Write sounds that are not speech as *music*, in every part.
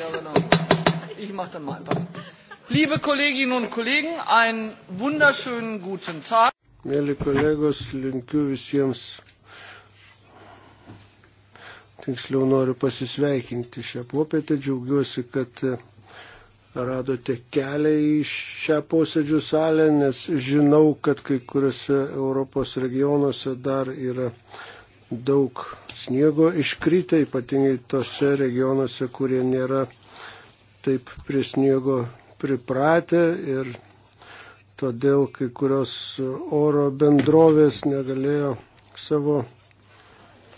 Ja, genau. Ich mache dann mal einen Pass. Liebe Kolleginnen und Kollegen, einen wunderschönen guten Tag. Mėly kolegos, linkiu visiems, tiksliau noriu pasisveikinti šią popietę, džiaugiuosi, kad e, radote kelią į šią posėdžių salę, nes žinau, kad kai kuriuose Europos regionuose dar yra daug sniego iškryta, ypatingai tose regionuose, kurie nėra taip prie sniego pripratę ir todėl kai kurios oro bendrovės negalėjo savo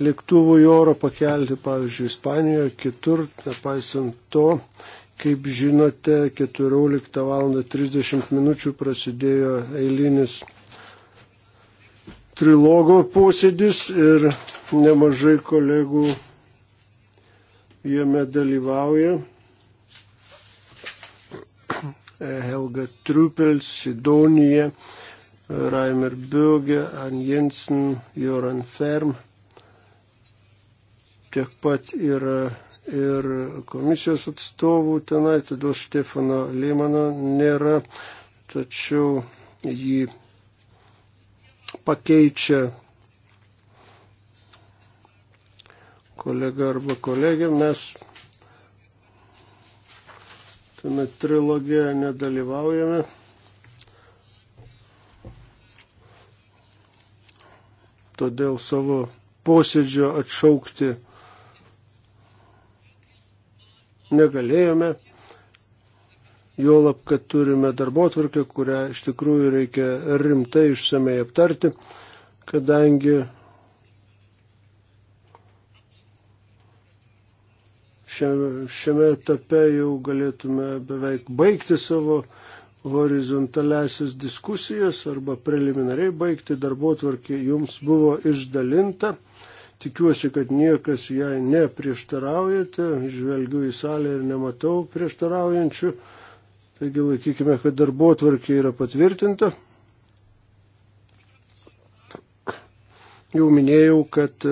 lėktuvų į orą pakelti, pavyzdžiui, Ispanijoje, kitur, nepaisant to, kaip žinote, 14 val. 30 minučių prasidėjo eilinis trilogo posėdis ir nemažai kolegų jame dalyvauja. Helga Trupel, Sidonija, Reimer Böge, An Jensen, Joran Ferm. Tiek pat yra ir komisijos atstovų tenai, todėl Štefano Lymano nėra, tačiau jį pakeičia kolega arba kolegė. Mes Tame trilogijoje nedalyvaujame. Todėl savo posėdžio atšaukti negalėjome. Juolab, kad turime darbo tvarkę, kurią iš tikrųjų reikia rimtai išsamei aptarti, kadangi šiame, šiame etape jau galėtume beveik baigti savo horizontalesias diskusijas arba preliminariai baigti darbo tvarkė jums buvo išdalinta. Tikiuosi, kad niekas jai neprieštaraujate, žvelgiu į salę ir nematau prieštaraujančių. Taigi laikykime, kad darbo tvarkė yra patvirtinta. Jau minėjau, kad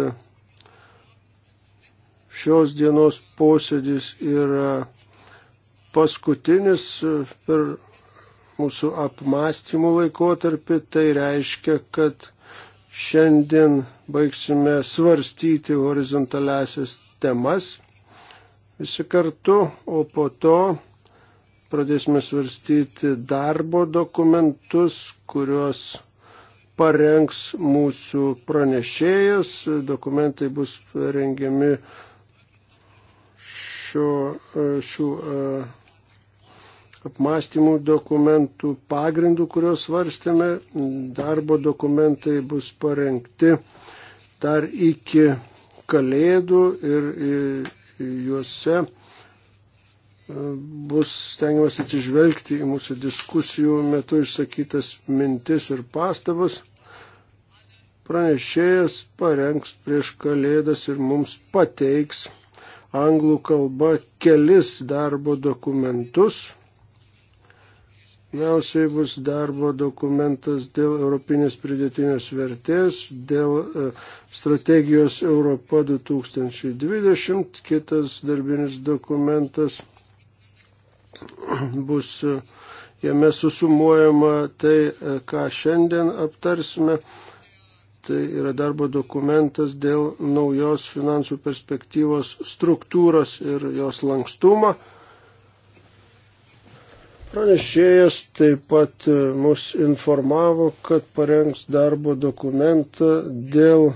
šios dienos posėdis yra paskutinis per mūsų apmąstymų laikotarpį. Tai reiškia, kad šiandien baigsime svarstyti horizontaliasias temas visi kartu, o po to pradėsime svarstyti darbo dokumentus, kuriuos parengs mūsų pranešėjas. Dokumentai bus rengiami šio, e, šių e, apmąstymų dokumentų pagrindų, kuriuos svarstėme. Darbo dokumentai bus parengti dar iki kalėdų ir juose e, bus stengiamas atsižvelgti į mūsų diskusijų metu išsakytas mintis ir pastabas. Pranešėjas parengs prieš kalėdas ir mums pateiks anglų kalba kelis darbo dokumentus. Pirmiausiai bus darbo dokumentas dėl europinės pridėtinės vertės, dėl e, strategijos Europa 2020, kitas darbinis dokumentas *clears throat* bus e, jame susumuojama tai, e, ką šiandien aptarsime Tai yra darbo dokumentas dėl naujos finansų perspektyvos struktūros ir jos lankstumo. Pranešėjas taip pat e, mus informavo, kad parengs darbo dokumentą dėl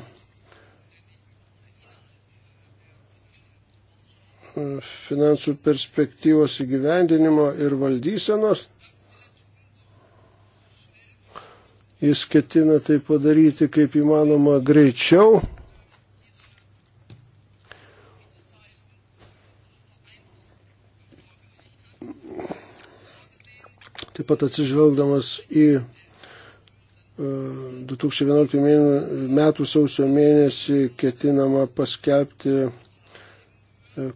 e, finansų perspektyvos įgyvendinimo ir valdysenos. Jis ketina tai padaryti kaip įmanoma greičiau. Taip pat atsižvelgdamas į 2011 e, metų sausio mėnesį ketinama paskelbti e,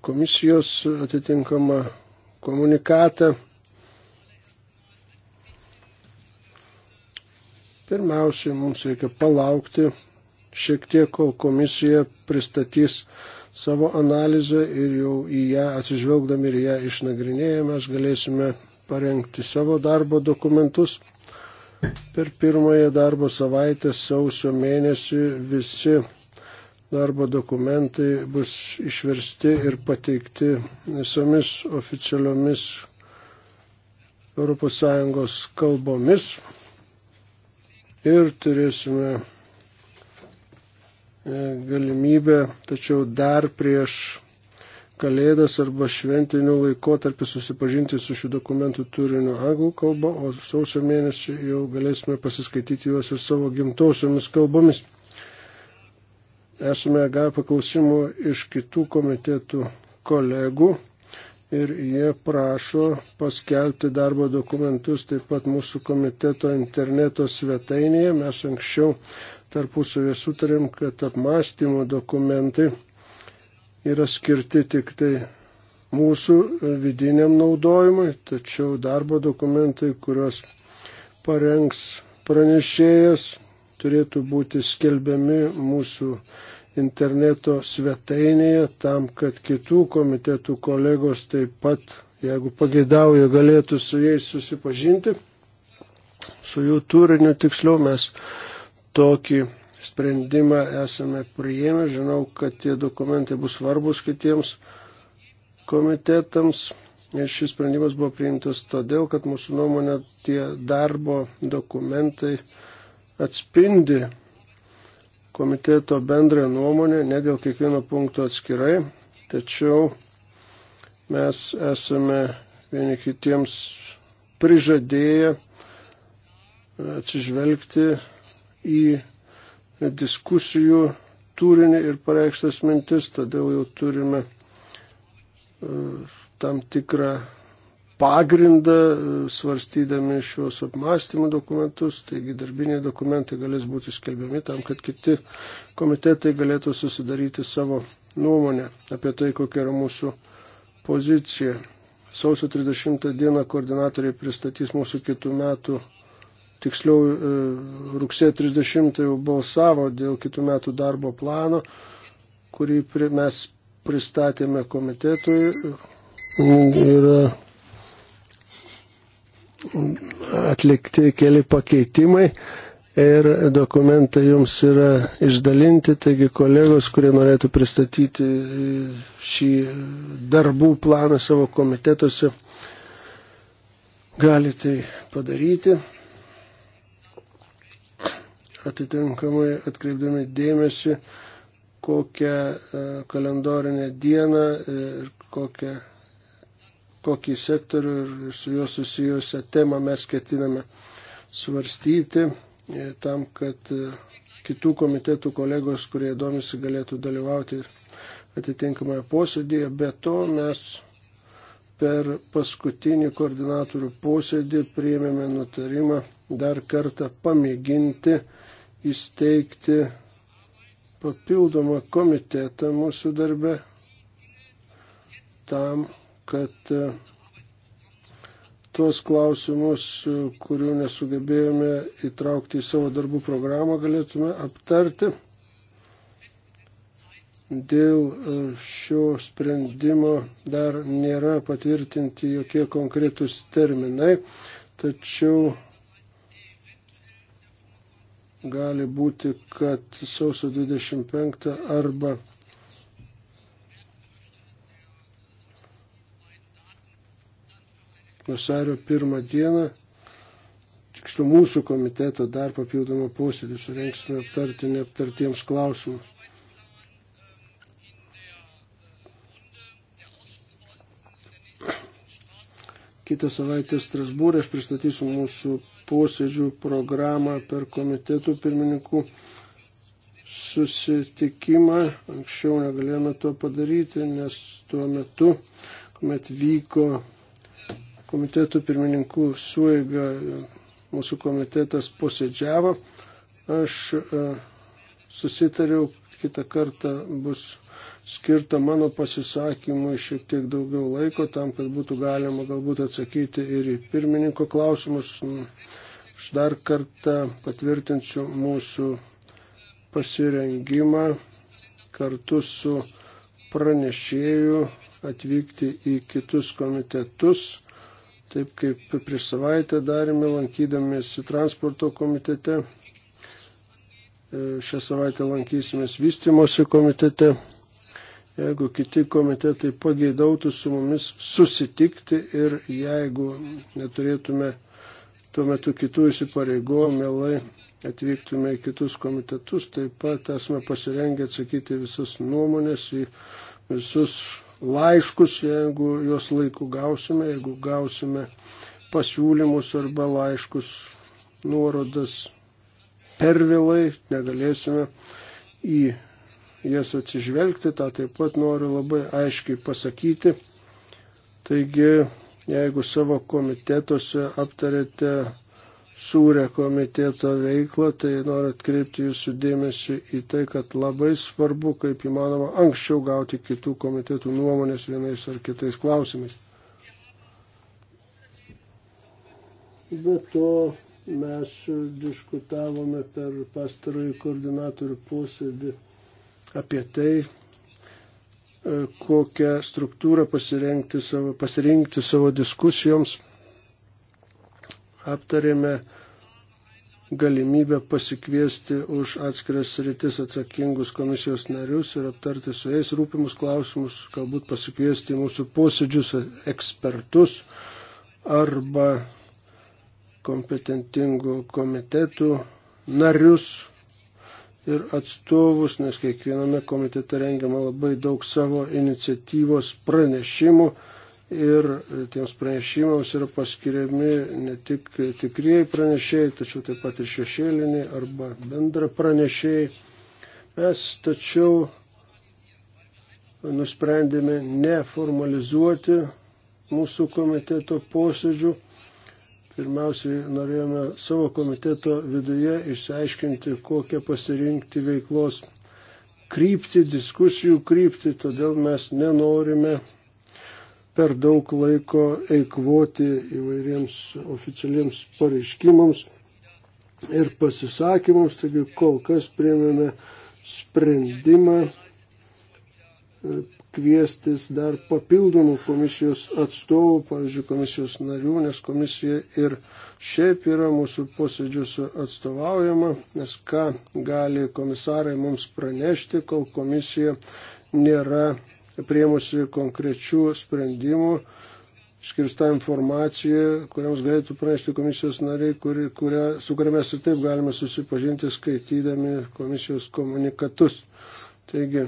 komisijos atitinkamą komunikatą Pirmiausiai mums reikia palaukti šiek tiek, kol komisija pristatys savo analizę ir jau į ją atsižvelgdami ir ją išnagrinėję mes galėsime parengti savo darbo dokumentus. Per pirmąją darbo savaitę sausio mėnesį visi darbo dokumentai bus išversti ir pateikti visomis oficialiomis ES kalbomis ir turėsime e, galimybę, tačiau dar prieš kalėdas arba šventinių laikotarpį susipažinti su šių dokumentų turiniu anglų kalba, o sausio mėnesį jau galėsime pasiskaityti juos ir savo gimtausiomis kalbomis. Esame gavę paklausimų iš kitų komitetų kolegų ir jie prašo paskelbti darbo dokumentus taip pat mūsų komiteto interneto svetainėje. Mes anksčiau tarpusavė sutarėm, kad apmąstymo dokumentai yra skirti tik tai mūsų vidiniam naudojimui, tačiau darbo dokumentai, kuriuos parengs pranešėjas, turėtų būti skelbiami mūsų interneto svetainėje tam, kad kitų komitetų kolegos taip pat, jeigu pageidauja, galėtų su jais susipažinti, su jų turiniu tiksliau mes tokį sprendimą esame priėmę. Žinau, kad tie dokumentai bus svarbus kitiems komitetams. Ir šis sprendimas buvo priimtas todėl, kad mūsų nuomonė tie darbo dokumentai atspindi komiteto bendrąją nuomonę, ne dėl kiekvieno punkto atskirai, tačiau mes esame vieni kitiems prižadėję atsižvelgti į diskusijų turinį ir pareikštas mintis, todėl jau turime e, tam tikrą pagrindą e, svarstydami šios apmąstymų dokumentus, taigi darbiniai dokumentai galės būti skelbiami tam, kad kiti komitetai galėtų susidaryti savo nuomonę apie tai, kokia yra mūsų pozicija. Sausio 30 dieną koordinatoriai pristatys mūsų kitų metų, tiksliau e, rugsėjo 30 jau balsavo dėl kitų metų darbo plano, kurį mes pristatėme komitetui. Yra atlikti keli pakeitimai ir dokumentai jums yra išdalinti, taigi kolegos, kurie norėtų pristatyti šį darbų planą savo komitetuose, gali tai padaryti. Atitinkamai atkreipdami dėmesį, kokią e, kalendorinę dieną ir kokią kokį sektorių ir su juo susijusią temą mes ketiname svarstyti e, tam, kad e, kitų komitetų kolegos, kurie domisi, galėtų dalyvauti atitinkamoje posėdėje. Be to mes per paskutinį koordinatorių posėdį priėmėme nutarimą dar kartą pamėginti įsteigti papildomą komitetą mūsų darbe tam, kad e, tuos klausimus, e, kurių nesugebėjome įtraukti į savo darbų programą, galėtume aptarti. Dėl e, šio sprendimo dar nėra patvirtinti jokie konkretūs terminai, tačiau gali būti, kad sausio 25 arba vasario pirmą dieną, tiksliau mūsų komiteto dar papildomą posėdį surenksime aptarti neaptartiems klausimus. Kitą savaitę Strasbūrė aš pristatysiu mūsų posėdžių programą per komitetų pirmininkų susitikimą. Anksčiau negalėjome to padaryti, nes tuo metu, kuomet vyko komitetų pirmininkų suėga mūsų komitetas posėdžiavo. Aš e, susitariau, kitą kartą bus skirta mano pasisakymui šiek tiek daugiau laiko tam, kad būtų galima galbūt atsakyti ir į pirmininko klausimus. Aš dar kartą patvirtinsiu mūsų pasirengimą kartu su pranešėju atvykti į kitus komitetus taip kaip prieš savaitę darėme, lankydamėsi transporto komitete. E, šią savaitę lankysimės vystimosi komitete. Jeigu kiti komitetai pageidautų su mumis susitikti ir jeigu neturėtume tuo metu kitų įsipareigojimų, mielai atvyktume į kitus komitetus, taip pat esame pasirengę atsakyti visas nuomonės, į visus laiškus, jeigu juos laiku gausime, jeigu gausime pasiūlymus arba laiškus, nuorodas per vėlai, negalėsime į jas atsižvelgti, tą taip pat noriu labai aiškiai pasakyti. Taigi, jeigu savo komitetuose aptarėte sūrę komiteto veiklą, tai noriu atkreipti jūsų dėmesį į tai, kad labai svarbu, kaip įmanoma, anksčiau gauti kitų komitetų nuomonės vienais ar kitais klausimais. Be to mes diskutavome per pastarąjį koordinatorių posėdį apie tai, e, kokią struktūrą pasirinkti savo, pasirinkti savo diskusijoms aptarėme galimybę pasikviesti už atskiras rytis atsakingus komisijos narius ir aptarti su jais rūpimus klausimus, galbūt pasikviesti į mūsų posėdžius ekspertus arba kompetentingų komitetų narius ir atstovus, nes kiekviename komitete rengiama labai daug savo iniciatyvos pranešimų ir tiems pranešimams yra paskiriami ne tik tikrieji pranešėjai, tačiau taip pat ir šešėliniai arba bendra pranešėjai. Mes tačiau nusprendėme neformalizuoti mūsų komiteto posėdžių. Pirmiausiai norėjome savo komiteto viduje išsiaiškinti, kokią pasirinkti veiklos krypti, diskusijų krypti, todėl mes nenorime per daug laiko eikvoti įvairiems oficialiems pareiškimams ir pasisakymams, taigi kol kas priemėme sprendimą e, kviestis dar papildomų komisijos atstovų, pavyzdžiui, komisijos narių, nes komisija ir šiaip yra mūsų posėdžiuose atstovaujama, nes ką gali komisarai mums pranešti, kol komisija nėra priemusi konkrečių sprendimų, skirsta informacija, kuriams galėtų pranešti komisijos nariai, kuri, kuria, su kuria mes ir taip galime susipažinti skaitydami komisijos komunikatus. Taigi,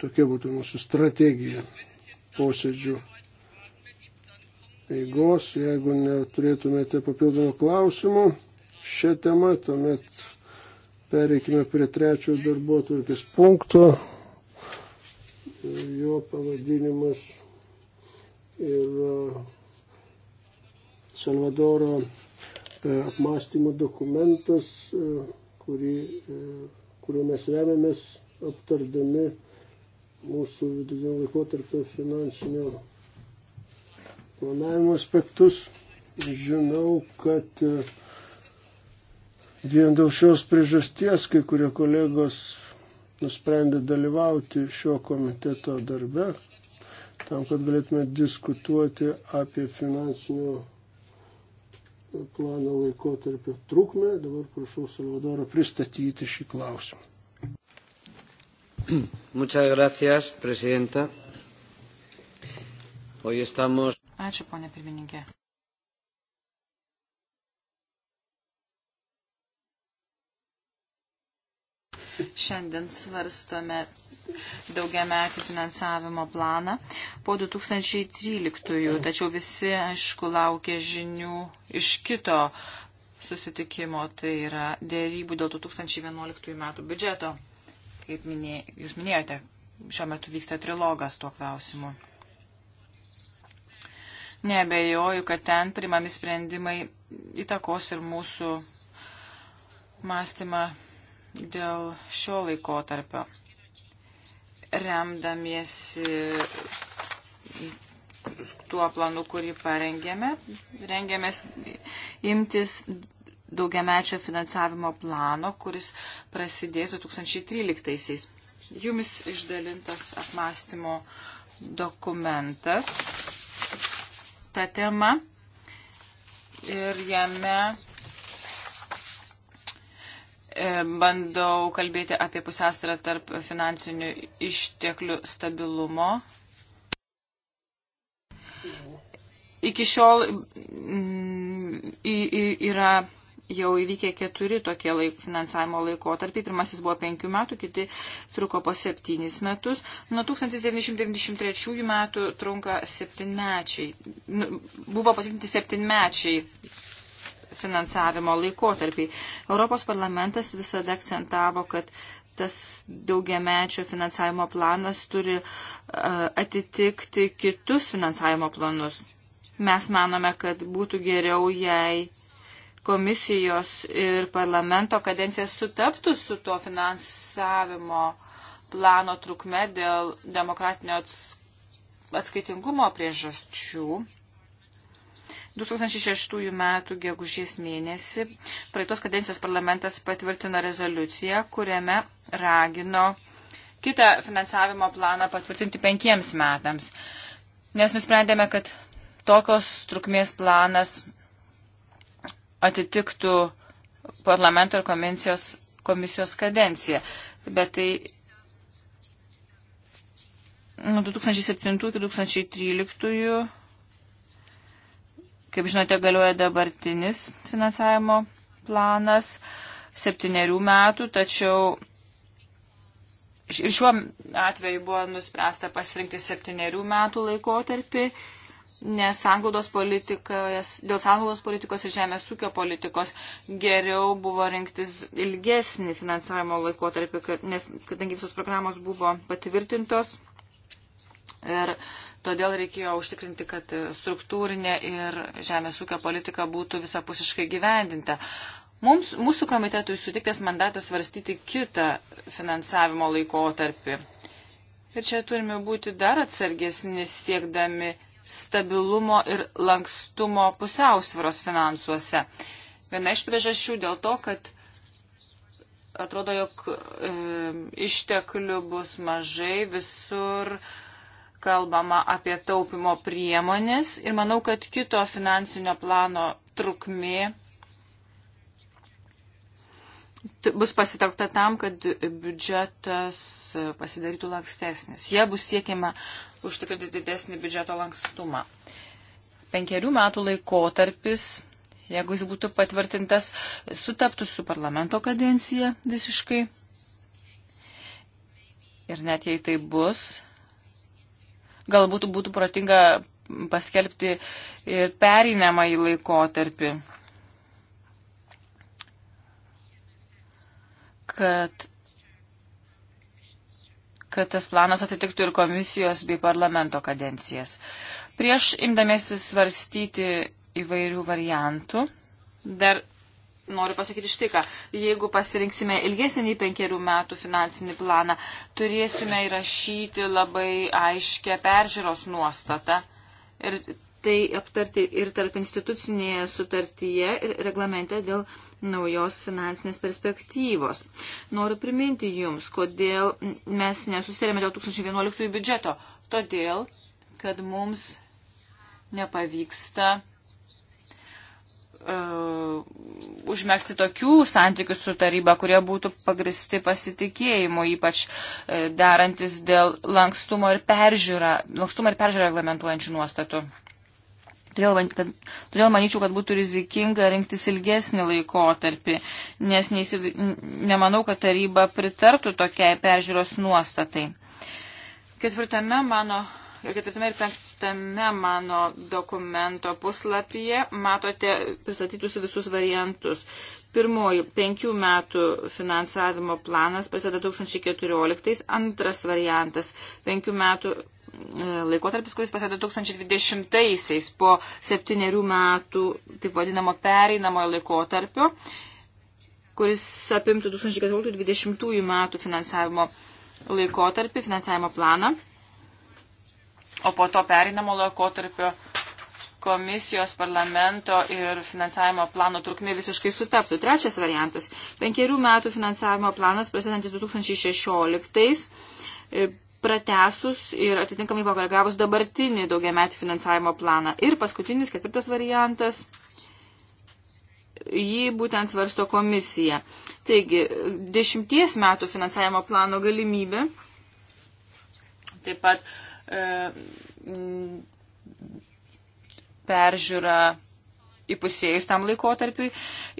tokia būtų mūsų strategija posėdžių eigos. Jeigu neturėtumėte papildomų klausimų šią temą, tuomet pereikime prie trečiojo darbo turkės punkto jo pavadinimas yra Salvadoro e, apmąstymų dokumentas, e, kurį, e, kuriuo mes remiamės aptardami mūsų vidutinio laikotarpio finansinio planavimo aspektus. Žinau, kad vien dėl šios priežasties kai kurie kolegos nusprendė dalyvauti šio komiteto darbe, tam, kad galėtume diskutuoti apie finansinio plano laikotarpio trukmę. Dabar prašau Salvadorą pristatyti šį klausimą. Muchas gracias, presidenta. Hoy estamos. Ačiū, ponė pirmininkė. Šiandien svarstome daugiametį finansavimo planą po 2013-ųjų, tačiau visi, aišku, laukia žinių iš kito susitikimo, tai yra dėrybų dėl 2011 metų biudžeto. Kaip minė, jūs minėjote, šiuo metu vyksta trilogas tuo klausimu. Nebejoju, kad ten primami sprendimai įtakos ir mūsų mąstymą dėl šio laikotarpio. Remdamiesi tuo planu, kurį parengėme, rengėmės imtis daugiamečio finansavimo plano, kuris prasidės 2013-aisiais. Jumis išdalintas apmąstymo dokumentas ta tema ir jame E, bandau kalbėti apie pusiausvyrą tarp finansinių išteklių stabilumo. Iki šiol mm, yra jau įvykę keturi tokie laik, finansavimo laikotarpiai. Pirmasis buvo penkių metų, kiti truko po septynis metus. Nuo 1993 metų trunka septynmečiai. Nu, buvo patvirtinti septynmečiai finansavimo laikotarpį. Europos parlamentas visada akcentavo, kad tas daugiamečio finansavimo planas turi e, atitikti kitus finansavimo planus. Mes manome, kad būtų geriau, jei komisijos ir parlamento kadencija sutaptų su tuo finansavimo plano trukme dėl demokratinio atskaitingumo priežasčių. 2006 m. gegužės mėnesį praeitos kadencijos parlamentas patvirtino rezoliuciją, kuriame ragino kitą finansavimo planą patvirtinti penkiems metams, nes nusprendėme, kad tokios trukmės planas atitiktų parlamento ir komisijos, komisijos kadenciją. Bet tai nuo 2007 iki 2013 Kaip žinote, galioja dabartinis finansavimo planas septyniarių metų, tačiau ir šiuo atveju buvo nuspręsta pasirinkti septyniarių metų laikotarpį, nes dėl sanglaudos politikos ir žemės ūkio politikos geriau buvo rinktis ilgesnį finansavimo laikotarpį, nes kadangi visos programos buvo patvirtintos ir Todėl reikėjo užtikrinti, kad struktūrinė ir žemės ūkio politika būtų visapusiškai gyvendinta. Mums, mūsų komitetui sutiktas mandatas svarstyti kitą finansavimo laikotarpį. Ir čia turime būti dar atsargesni siekdami stabilumo ir lankstumo pusiausvėros finansuose. Viena iš priežasčių dėl to, kad atrodo, jog e, išteklių bus mažai visur. E, kalbama apie taupimo priemonės ir manau, kad kito finansinio plano trukmė bus pasitelkta tam, kad biudžetas pasidarytų lankstesnis. Jie bus siekiama užtikrinti didesnį biudžeto lankstumą. Penkerių metų laikotarpis, jeigu jis būtų patvirtintas, sutaptų su parlamento kadencija visiškai. Ir net jei tai bus, galbūt būtų protinga paskelbti ir perinamą į laikotarpį, kad, kad tas planas atitiktų ir komisijos bei parlamento kadencijas. Prieš imdamėsi svarstyti įvairių variantų, dar noriu pasakyti štai ką. Jeigu pasirinksime ilgesnį nei penkerių metų finansinį planą, turėsime įrašyti labai aiškę peržiūros nuostatą. Ir tai aptarti ir tarp institucinėje sutartyje ir reglamente dėl naujos finansinės perspektyvos. Noriu priminti Jums, kodėl mes nesustarėme dėl 2011 biudžeto. Todėl, kad mums nepavyksta uh, užmėgsti tokių santykių su taryba, kurie būtų pagristi pasitikėjimu, ypač uh, e, darantis dėl lankstumo ir peržiūrą, lankstumą ir peržiūrą reglamentuojančių nuostatų. Todėl, kad, todėl manyčiau, kad būtų rizikinga rinktis ilgesnį laikotarpį, nes neįsiv... nemanau, kad taryba pritartų tokiai peržiūros nuostatai. Ketvirtame mano ir ketvirtame ir penktame mano dokumento puslapyje matote pristatytus visus variantus. Pirmoji penkių metų finansavimo planas prasideda 2014, antras variantas penkių metų e, laikotarpis, kuris prasideda 2020-aisiais po septyniarių metų, taip vadinamo, pereinamojo laikotarpio, kuris apimtų 2014-2020 metų finansavimo laikotarpį, finansavimo planą o po to perinamo laikotarpio komisijos, parlamento ir finansavimo plano trukmė visiškai sutaptų. Trečias variantas - penkerių metų finansavimo planas, prasidantis 2016, pratesus ir atitinkamai pagalgavus dabartinį daugiametį finansavimo planą. Ir paskutinis, ketvirtas variantas jį būtent svarsto komisija. Taigi, dešimties metų finansavimo plano galimybė, taip pat E, peržiūrą įpusėjus tam laikotarpiui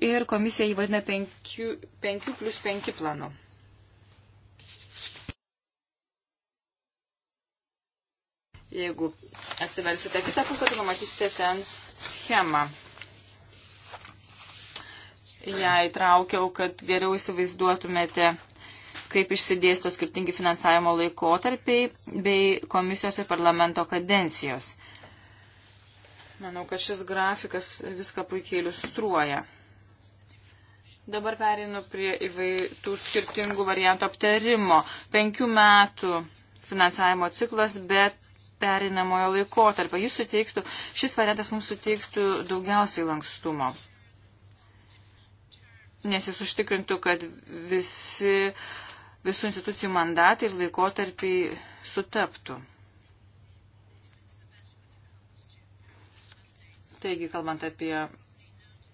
ir komisija jį vadina 5, 5 plus 5 planu. Jeigu atsiversite kitą puslapį, pamatysite ten schemą. Ja įtraukiau, kad geriau įsivaizduotumėte kaip išsidėsto skirtingi finansavimo laikotarpiai bei komisijos ir parlamento kadencijos. Manau, kad šis grafikas viską puikiai iliustruoja. Dabar perinu prie įvairių skirtingų variantų aptarimo. Penkių metų finansavimo ciklas, bet perinamojo laikotarpio. Jis suteiktų, šis variantas mums suteiktų daugiausiai lankstumo. Nes jis užtikrintų, kad visi visų institucijų mandatai ir laikotarpiai sutaptų. Taigi, kalbant apie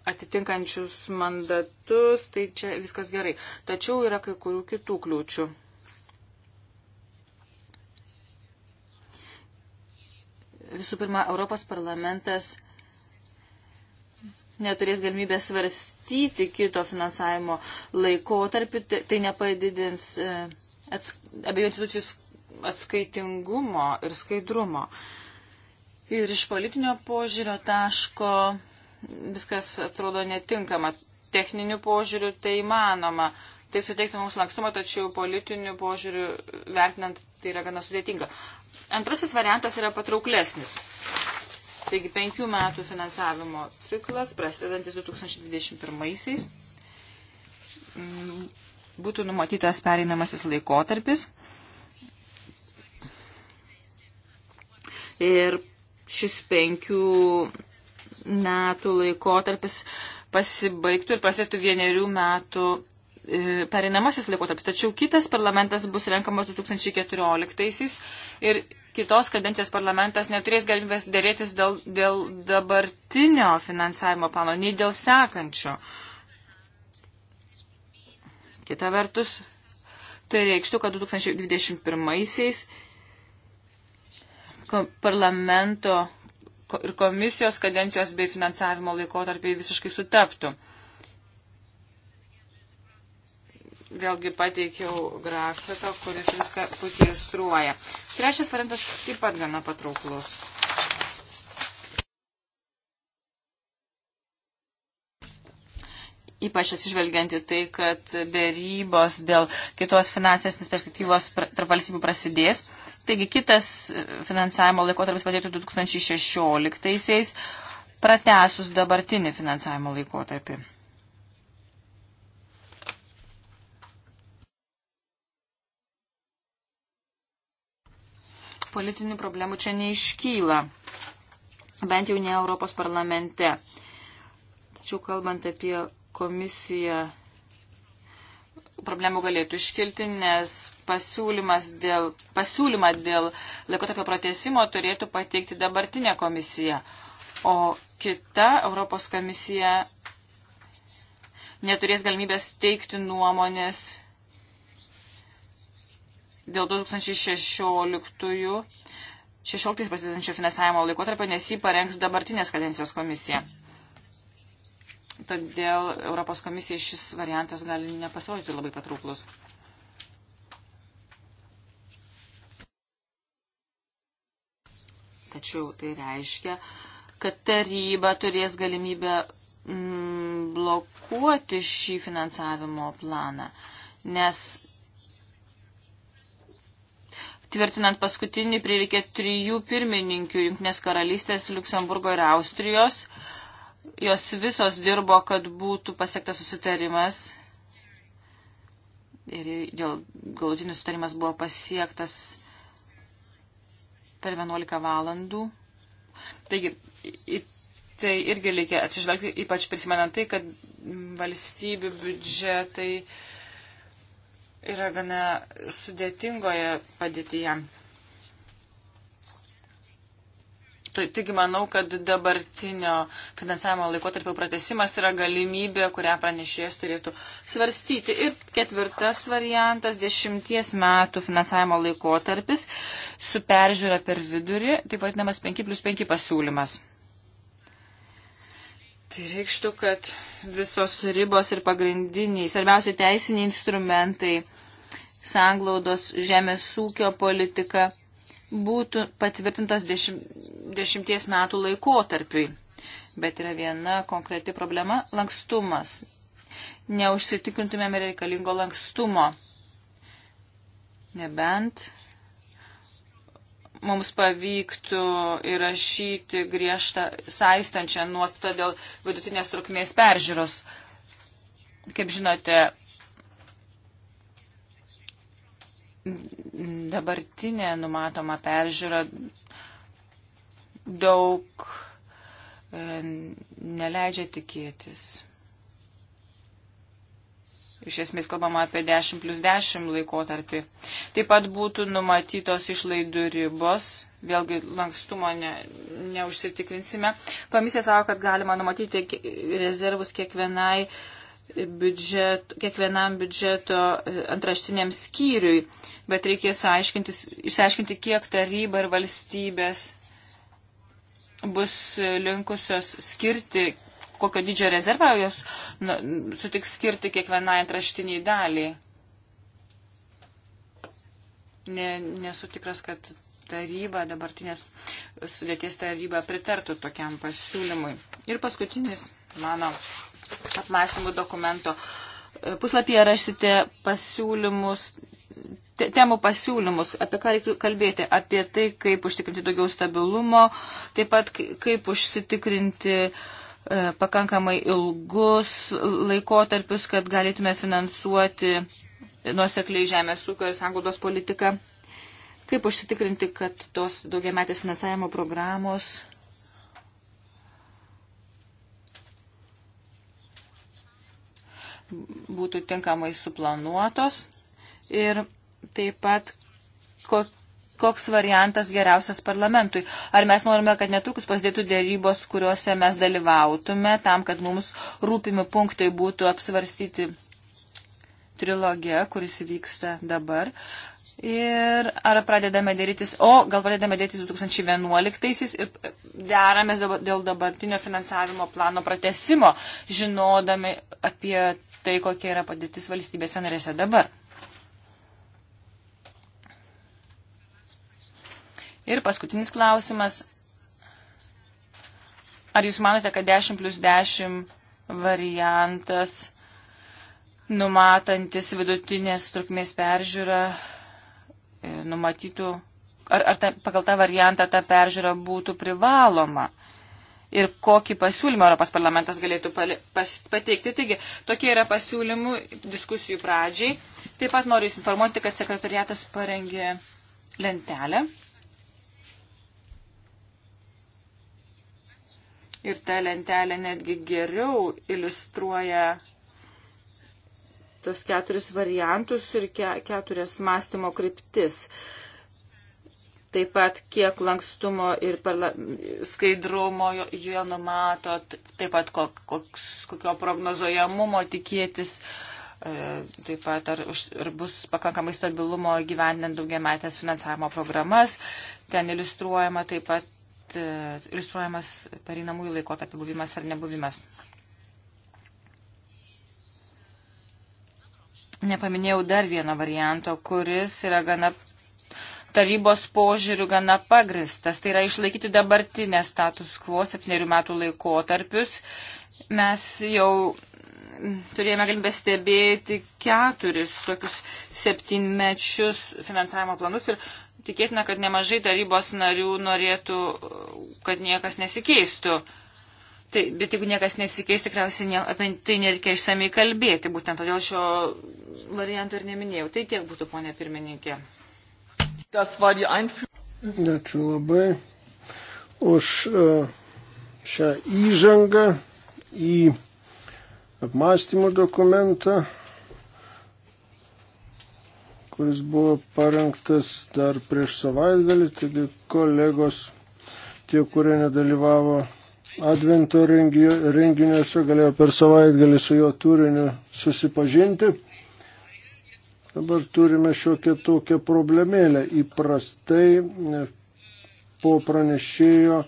atitinkančius mandatus, tai čia viskas gerai. Tačiau yra kai kurių kitų kliūčių. Visų pirma, Europos parlamentas neturės galimybės svarstyti kito finansavimo laikotarpį, tai, tai nepadidins e, abiejų institucijų atskaitingumo ir skaidrumo. Ir iš politinio požiūrio taško viskas atrodo netinkama. Techniniu požiūriu tai įmanoma. Tai suteiktų mums lankstumą, tačiau politiniu požiūriu vertinant tai yra gana sudėtinga. Antrasis variantas yra patrauklesnis. Taigi penkių metų finansavimo ciklas, prasidedantis 2021-aisiais, mm, būtų numatytas pereinamasis laikotarpis. Ir šis penkių metų laikotarpis pasibaigtų ir pasėtų vienerių metų E, perinamasis laikotarpis. Tačiau kitas parlamentas bus renkamas 2014 ir kitos kadencijos parlamentas neturės galimybės dėrėtis dėl, dėl dabartinio finansavimo plano, nei dėl sekančio. Kita vertus, tai reikštų, kad 2021-aisiais parlamento ir komisijos kadencijos bei finansavimo laikotarpiai visiškai sutaptų. vėlgi pateikiau grafiką, kuris viską puikiai iliustruoja. Trečias variantas taip pat gana patrauklus. Ypač atsižvelgiant į tai, kad dėrybos dėl kitos finansinės perspektyvos tarp valstybių prasidės. Taigi kitas finansavimo laikotarpis padėtų 2016-aisiais, pratesus dabartinį finansavimo laikotarpį. politinių problemų čia neiškyla, bent jau ne Europos parlamente. Tačiau kalbant apie komisiją, problemų galėtų iškilti, nes pasiūlymas dėl, pasiūlymą dėl laikotarpio pratesimo turėtų pateikti dabartinė komisija, o kita Europos komisija neturės galimybės teikti nuomonės dėl 2016 16 prasidedančio finansavimo laikotarpio, nes jį parengs dabartinės kadencijos komisija. Todėl Europos komisijai šis variantas gali nepasirodyti labai patrauklus. Tačiau tai reiškia, kad taryba turės galimybę mm, blokuoti šį finansavimo planą, nes tvirtinant paskutinį prireikė trijų pirmininkių Junknės karalystės, Luksemburgo ir Austrijos. Jos visos dirbo, kad būtų pasiektas susitarimas. Ir dėl galutinis sutarimas buvo pasiektas per 11 valandų. Taigi, į tai irgi reikia atsižvelgti, ypač prisimenant tai, kad valstybių biudžetai. Tai yra gana sudėtingoje padėtyje. Tai, taigi manau, kad dabartinio finansavimo laikotarpio pratesimas yra galimybė, kurią pranešėjas turėtų svarstyti. Ir ketvirtas variantas - dešimties metų finansavimo laikotarpis su peržiūra per vidurį, taip vadinamas 5 plus 5 pasiūlymas. Tai reikštų, kad visos ribos ir pagrindiniai, svarbiausia teisiniai instrumentai, sanglaudos žemės ūkio politika būtų patvirtintos dešim, dešimties metų laikotarpiui. Bet yra viena konkreti problema - lankstumas. Neužsitikrintumėm reikalingo lankstumo. Nebent mums pavyktų įrašyti griežtą saistančią nuostatą dėl vidutinės trukmės peržiūros. Kaip žinote, dabartinė numatoma peržiūra daug e, neleidžia tikėtis. Iš esmės kalbama apie 10 plus 10 laikotarpį. Taip pat būtų numatytos išlaidų ribos, vėlgi lankstumo ne, neužsitikrinsime. Komisija savo, kad galima numatyti rezervus kiekvienai biudžet, kiekvienam biudžeto e, antraštiniam skyriui, bet reikės išsiaiškinti, kiek taryba ir valstybės bus linkusios skirti kokio didžio rezervą jos nu, sutiks skirti kiekvienai antraštiniai daliai. Ne, nesu tikras, kad taryba, dabartinės sudėties taryba pritartų tokiam pasiūlymui. Ir paskutinis mano apmąstymų dokumento puslapyje rašite pasiūlymus, te, temų pasiūlymus, apie ką reikėtų kalbėti, apie tai, kaip užtikrinti daugiau stabilumo, taip pat kaip užsitikrinti uh, E, pakankamai ilgus laikotarpius, kad galėtume finansuoti nuosekliai žemės ūkio ir sanglaudos politiką. Kaip užsitikrinti, kad tos daugiametės finansavimo programos būtų tinkamai suplanuotos ir taip pat, koks variantas geriausias parlamentui. Ar mes norime, kad netrukus pasidėtų dėrybos, kuriuose mes dalyvautume, tam, kad mums rūpimi punktai būtų apsvarstyti trilogija, kuris vyksta dabar. Ir ar pradedame dėrytis, o gal pradedame dėrytis 2011 ir deramės dėl dabartinio finansavimo plano pratesimo, žinodami apie tai, kokia yra padėtis valstybėse narėse dabar. Ir paskutinis klausimas. Ar jūs manote, kad 10 plus 10 variantas numatantis vidutinės trukmės peržiūrą e, numatytų, ar, ar ta, pagal tą variantą ta peržiūra būtų privaloma? ir kokį pasiūlymą Europos parlamentas galėtų pateikti. Taigi, tokie yra pasiūlymų diskusijų pradžiai. Taip pat noriu Jūs informuoti, kad sekretariatas parengė lentelę ir ta lentelė netgi geriau iliustruoja tos keturis variantus ir ke keturias mąstymo kryptis. Taip pat, kiek lankstumo ir skaidrumo jie numato, taip pat koks, kokio prognozojamumo tikėtis, e, taip pat ar, ar bus pakankamai stabilumo gyvendinant daugiametės finansavimo programas. Ten iliustruojama taip pat kad e, iliustruojamas pareinamųjų laikotarpių buvimas ar nebuvimas. Nepaminėjau dar vieno varianto, kuris yra gana tarybos požiūrių gana pagristas. Tai yra išlaikyti dabartinę status quo septynerių metų laikotarpius. Mes jau turėjome galimybę stebėti keturis tokius septynmečius finansavimo planus ir tikėtina, kad nemažai tarybos narių norėtų, kad niekas nesikeistų. Tai, bet jeigu niekas nesikeis, tikriausiai nie, apie tai nereikia išsamei kalbėti, būtent todėl šio varianto ir neminėjau. Tai tiek būtų, ponė pirmininkė. Ačiū labai už e, šią įžangą į apmąstymo dokumentą kuris buvo parengtas dar prieš savaitgalį, taigi kolegos, tie, kurie nedalyvavo advento renginiuose, galėjo per savaitgalį su jo turiniu susipažinti. Dabar turime šiokią tokią problemėlę. Įprastai e, po pranešėjo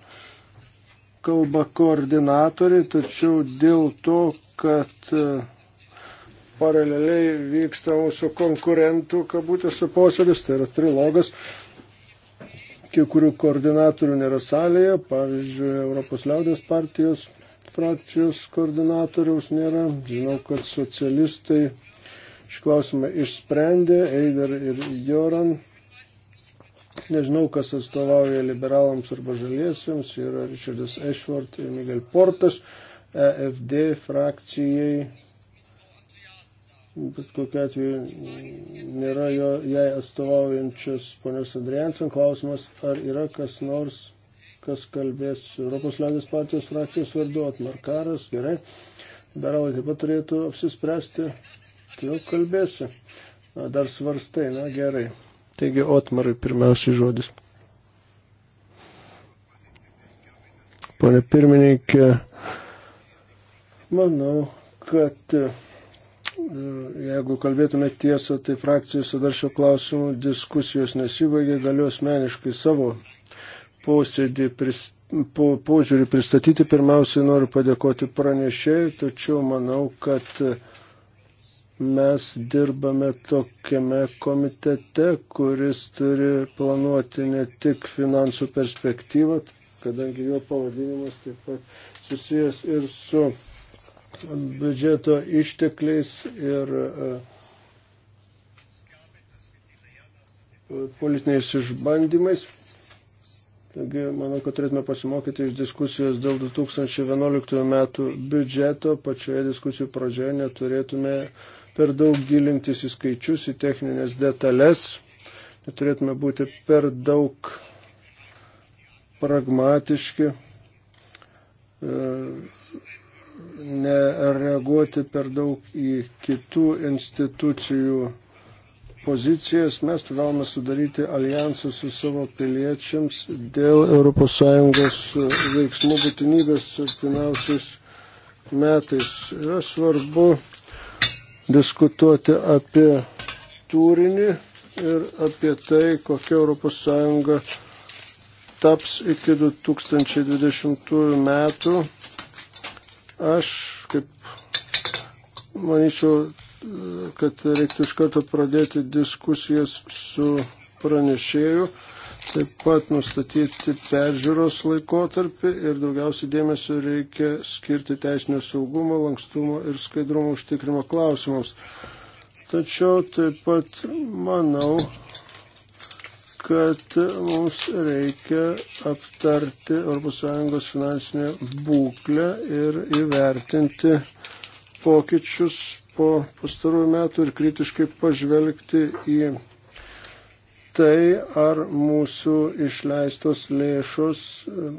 kalba koordinatoriai, tačiau dėl to, kad e, paraleliai vyksta mūsų konkurentų kabutėse posėdis, tai yra trilogas. Kai kurių koordinatorių nėra salėje, pavyzdžiui, Europos liaudės partijos frakcijos koordinatoriaus nėra. Žinau, kad socialistai išklausimą išsprendė, Eider ir Joran. Nežinau, kas atstovauja liberalams arba žaliesiems, yra Richardas Ešvart ir Miguel Portas, EFD frakcijai bet kokiu atveju nėra jo, jai atstovaujančios ponios Andrijansen klausimas, ar yra kas nors, kas kalbės Europos liaudės partijos frakcijos vardu, atmarkaras, gerai, liberalai taip pat turėtų apsispręsti, tai jau kalbėsi, dar svarstai, na gerai. Taigi, Otmarai pirmiausiai žodis. Pone pirmininkė, manau, kad E, jeigu kalbėtume tiesą, tai frakcijose dar šio klausimų diskusijos nesibaigė, galiu asmeniškai savo posėdį pris, po, požiūrį pristatyti. Pirmiausiai noriu padėkoti pranešėjai, tačiau manau, kad mes dirbame tokiame komitete, kuris turi planuoti ne tik finansų perspektyvą, kadangi jo pavadinimas taip pat susijęs ir su biudžeto ištekliais ir e, politiniais išbandymais. Taigi, manau, kad turėtume pasimokyti iš diskusijos dėl 2011 metų biudžeto. Pačioje diskusijų pradžioje neturėtume per daug gilintis į skaičius, į techninės detalės. Neturėtume būti per daug pragmatiški. E, nereaguoti per daug į kitų institucijų pozicijas. Mes privalome tai sudaryti alijansą su savo piliečiams dėl ES veiksmų būtinybės artimiausiais metais. Yra svarbu diskutuoti apie turinį ir apie tai, kokia ES taps iki 2020 metų Aš kaip manyčiau, kad reiktų iš karto pradėti diskusijas su pranešėju, taip pat nustatyti peržiūros laikotarpį ir daugiausiai dėmesio reikia skirti teisinio saugumo, lankstumo ir skaidrumo užtikrimo klausimams. Tačiau taip pat manau, kad mums reikia aptarti ES finansinę būklę ir įvertinti pokyčius po pastarųjų metų ir kritiškai pažvelgti į tai, ar mūsų išleistos lėšos e,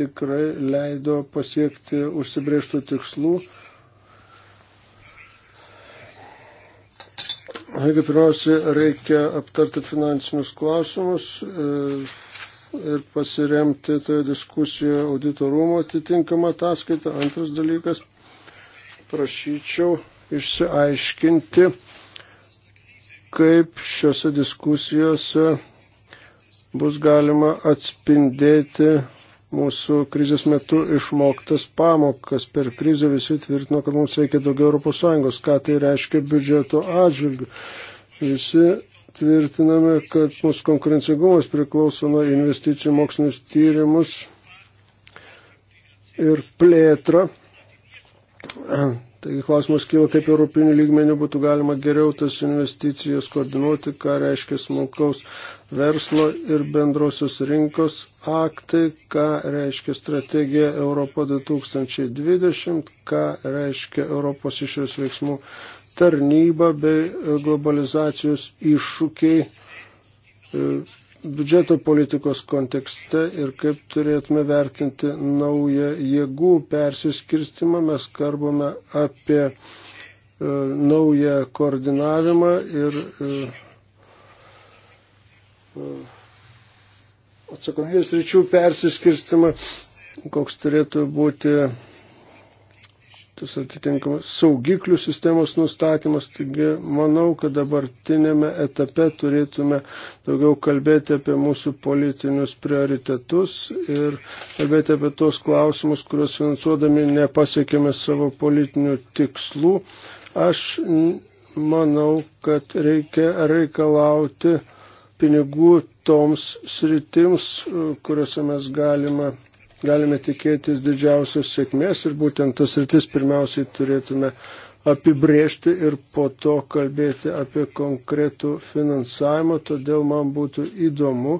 tikrai leido pasiekti užsibrieštų tikslų Taigi, pirmiausia, reikia aptarti finansinius klausimus e, ir pasiremti toje diskusijoje auditorumo atitinkamą ataskaitą. Antras dalykas, prašyčiau išsiaiškinti, kaip šiuose diskusijose bus galima atspindėti mūsų krizės metu išmoktas pamokas. Per krizę visi tvirtino, kad mums reikia daugiau ES. Ką tai reiškia biudžeto atžvilgių? Visi tvirtiname, kad mūsų konkurencingumas priklauso nuo investicijų mokslinius tyrimus ir plėtrą. Taigi klausimas kyla, kaip europinių lygmenių būtų galima geriau tas investicijas koordinuoti, ką reiškia smulkaus verslo ir bendrosios rinkos aktai, ką reiškia strategija Europo 2020, ką reiškia Europos išorės veiksmų tarnyba bei globalizacijos iššūkiai e, biudžeto politikos kontekste ir kaip turėtume vertinti naują jėgų persiskirstimą. Mes kalbame apie e, naują koordinavimą ir e, e atsakomybės ryčių persiskirstimą, koks turėtų būti numatytas atitinkamas saugiklių sistemos nustatymas. Taigi manau, kad dabartinėme etape turėtume daugiau kalbėti apie mūsų politinius prioritetus ir kalbėti apie tos klausimus, kuriuos finansuodami nepasiekėme savo politinių tikslų. Aš manau, kad reikia reikalauti pinigų toms sritims, kuriuose mes galime galime tikėtis didžiausios sėkmės ir būtent tas rytis pirmiausiai turėtume apibriežti ir po to kalbėti apie konkretų finansavimą, todėl man būtų įdomu,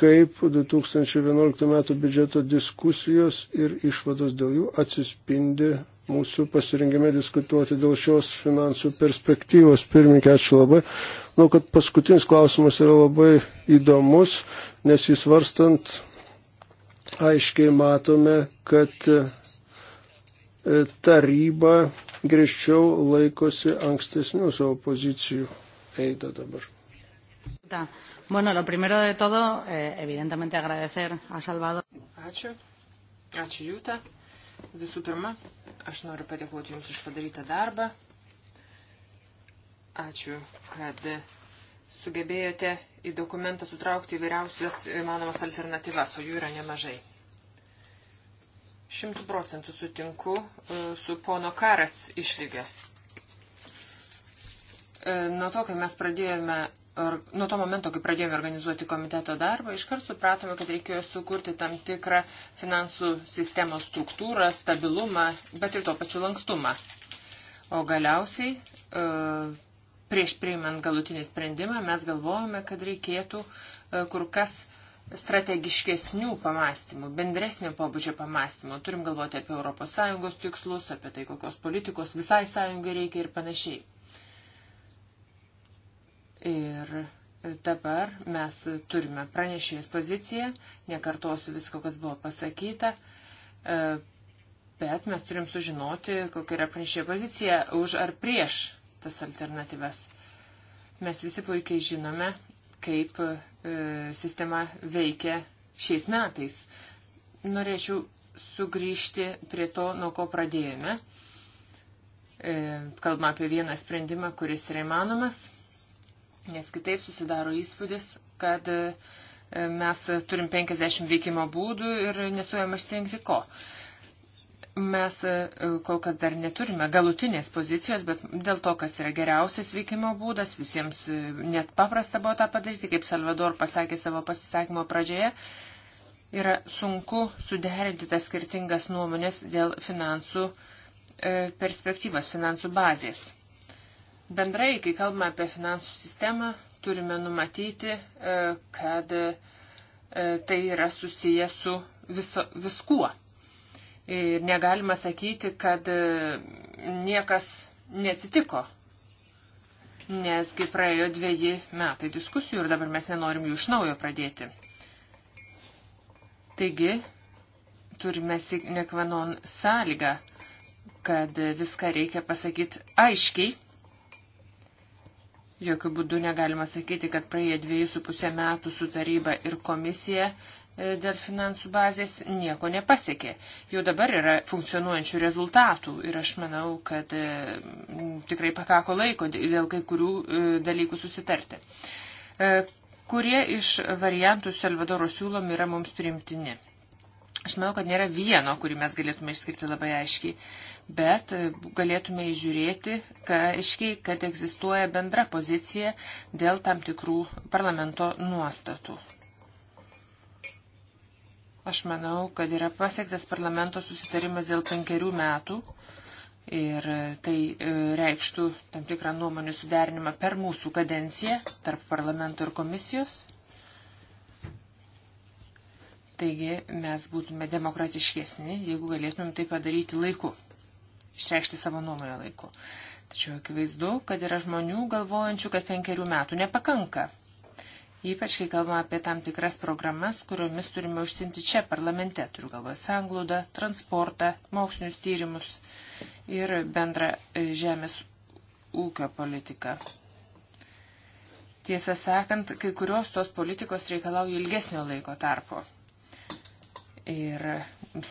kaip 2011 m. biudžeto diskusijos ir išvados dėl jų atsispindi mūsų pasirinkime diskutuoti dėl šios finansų perspektyvos. Pirmininkė, ačiū labai. Manau, kad paskutinis klausimas yra labai įdomus, nes įsvarstant aiškiai matome, kad e, taryba grįžčiau laikosi ankstesnių savo pozicijų. Eida dabar. Da. Bueno, lo primero de todo, eh, evidentemente agradecer a Salvador. Ačiū. Ačiū Jūta. Visų pirma, aš noriu padėkoti Jums už padarytą darbą. Ačiū, kad sugebėjote į dokumentą sutraukti įvairiausias įmanomas alternatyvas, o jų yra nemažai. Šimtų procentų sutinku e, su pono karas išlyga. E, nuo to, kai mes pradėjome, nuo to momento, kai pradėjome organizuoti komiteto darbą, iškart supratome, kad reikėjo sukurti tam tikrą finansų sistemos struktūrą, stabilumą, bet ir tuo pačiu lankstumą. O galiausiai e, prieš priimant galutinį sprendimą mes galvojame, kad reikėtų kur kas strategiškesnių pamastymų, bendresnio pobūdžio pamastymų. Turim galvoti apie ES tikslus, apie tai, kokios politikos visai sąjungai reikia ir panašiai. Ir dabar mes turime pranešėjus poziciją, nekartosiu visko, kas buvo pasakyta, e, bet mes turim sužinoti, kokia yra pranešėjo pozicija už ar prieš tas alternatyves. Mes visi puikiai žinome, kaip E, sistema veikia šiais metais. Norėčiau sugrįžti prie to, nuo ko pradėjome. E, Kalbama apie vieną sprendimą, kuris yra įmanomas, nes kitaip susidaro įspūdis, kad e, mes turim 50 veikimo būdų ir nesuojam išsirinkti ko mes e, kol kas dar neturime galutinės pozicijos, bet dėl to, kas yra geriausias veikimo būdas, visiems e, net paprasta buvo tą padaryti, kaip Salvador pasakė savo pasisakymo pradžioje, yra sunku suderinti tas skirtingas nuomonės dėl finansų e, perspektyvas, finansų bazės. Bendrai, kai kalbame apie finansų sistemą, turime numatyti, kad tai yra susiję su viso, viskuo Ir negalima sakyti, kad e, niekas neatsitiko. Nesgi praėjo dviejai metai diskusijų ir dabar mes nenorim jų iš naujo pradėti. Taigi, turime nekvanon sąlygą, kad viską reikia pasakyti aiškiai. Jokių būdų negalima sakyti, kad praėjo dviejų su pusė metų su taryba ir komisija E, dėl finansų bazės nieko nepasiekė. Jau dabar yra funkcionuojančių rezultatų ir aš manau, kad e, tikrai pakako laiko dėl kai kurių e, dalykų susitarti. Kurie iš variantų Salvadoro siūlomi yra mums primtini? Aš manau, kad nėra vieno, kurį mes galėtume išskirti labai aiškiai, bet galėtume įžiūrėti kad aiškiai, kad egzistuoja bendra pozicija dėl tam tikrų parlamento nuostatų. Aš manau, kad yra pasiektas parlamento susitarimas dėl penkerių metų ir tai e, reikštų tam tikrą nuomonių suderinimą per mūsų kadenciją tarp parlamento ir komisijos. Taigi mes būtume demokratiškesni, jeigu galėtumėm tai padaryti laiku, išreikšti savo nuomonę laiku. Tačiau akivaizdu, kad yra žmonių galvojančių, kad penkerių metų nepakanka. Ypač, kai kalbame apie tam tikras programas, kuriomis turime užsimti čia parlamente, turiu galvoje sanglaudą, transportą, mokslinius tyrimus ir bendrą e, žemės ūkio politiką. Tiesą sakant, kai kurios tos politikos reikalauja ilgesnio laiko tarpo. Ir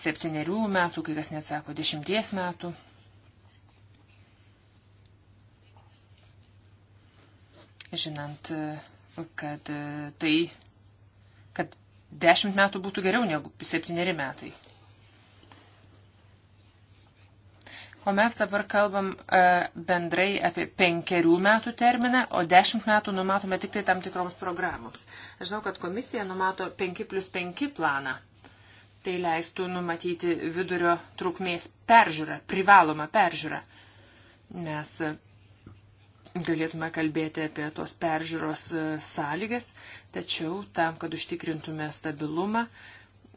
septyniarių metų, kai kas net sako dešimties metų. Žinant, kad e, tai, kad dešimt metų būtų geriau negu septyneri metai. O mes dabar kalbam e, bendrai apie penkerių metų terminą, o dešimt metų numatome tik tai tam tikroms programoms. Aš žinau, kad komisija numato 5 plus 5 planą. Tai leistų numatyti vidurio trukmės peržiūrą, privalomą peržiūrą. Mes galėtume kalbėti apie tos peržiūros e, sąlygas, tačiau tam, kad užtikrintume stabilumą,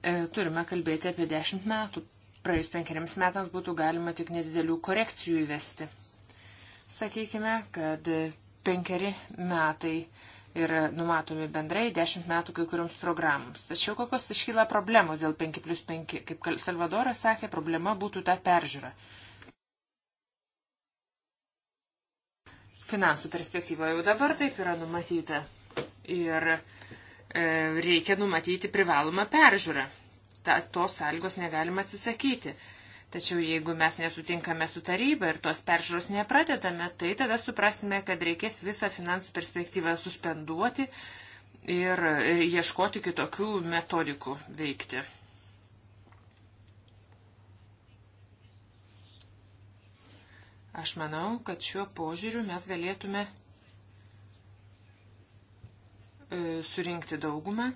e, turime kalbėti apie 10 metų. Praėjus penkeriams metams būtų galima tik nedidelių korekcijų įvesti. Sakykime, kad penkeri metai yra numatomi bendrai, dešimt metų kai kurioms programams. Tačiau kokios iškyla problemos dėl 5 plus 5? Kaip Salvadoras sakė, problema būtų ta peržiūra. finansų perspektyvoje jau dabar taip yra numatyta. Ir e, reikia numatyti privalomą peržiūrą. Ta, tos sąlygos negalima atsisakyti. Tačiau jeigu mes nesutinkame su taryba ir tos peržiūros nepradedame, tai tada suprasime, kad reikės visą finansų perspektyvą suspenduoti ir e, ieškoti kitokių metodikų veikti. Aš manau, kad šiuo požiūriu mes galėtume e, surinkti daugumą.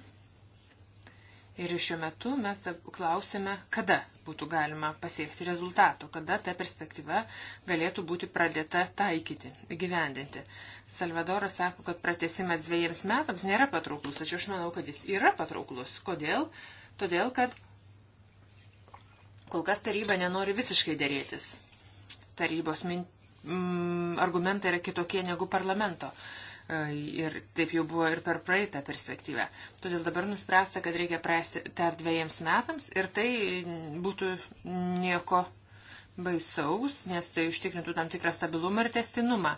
Ir šiuo metu mes klausime, kada būtų galima pasiekti rezultato, kada ta perspektyva galėtų būti pradėta taikyti, gyvendinti. Salvadoras sako, kad pratesimas dviejams metams nėra patrauklus, tačiau aš manau, kad jis yra patrauklus. Kodėl? Todėl, kad kol kas taryba nenori visiškai dėrėtis tarybos min, mm, argumentai yra kitokie negu parlamento. E, ir taip jau buvo ir per praeitą perspektyvą. Todėl dabar nuspręsta, kad reikia praesti dar dviejams metams ir tai būtų nieko baisaus, nes tai užtikrintų tam tikrą stabilumą ir testinumą.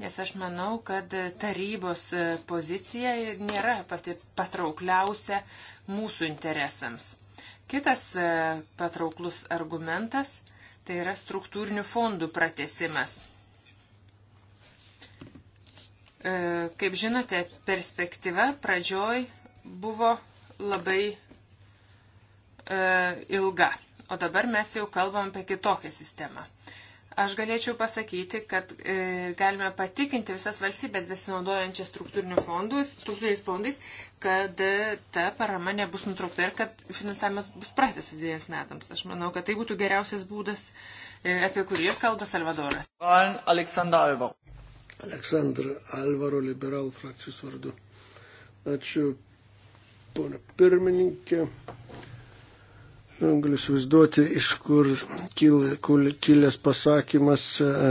Nes aš manau, kad tarybos pozicija nėra pati patraukliausia mūsų interesams. Kitas e, patrauklus argumentas Tai yra struktūrinių fondų pratesimas. E, kaip žinote, perspektyva pradžioj buvo labai e, ilga, o dabar mes jau kalbam apie kitokią sistemą. Aš galėčiau pasakyti, kad e, galime patikinti visas valstybės besinaudojančias struktūriniais fondais, kad e, ta parama nebus nutraukta ir kad finansavimas bus prastas dviejas metams. Aš manau, kad tai būtų geriausias būdas, e, apie kurį ir kalba Salvadoras. Aleksandra Alvaro. Aleksandra Alvaro, liberalų frakcijos vardu. Ačiū, ponė pirmininkė. Nu, galiu įsivaizduoti, iš kur kil, kul, kilęs pasakymas, e,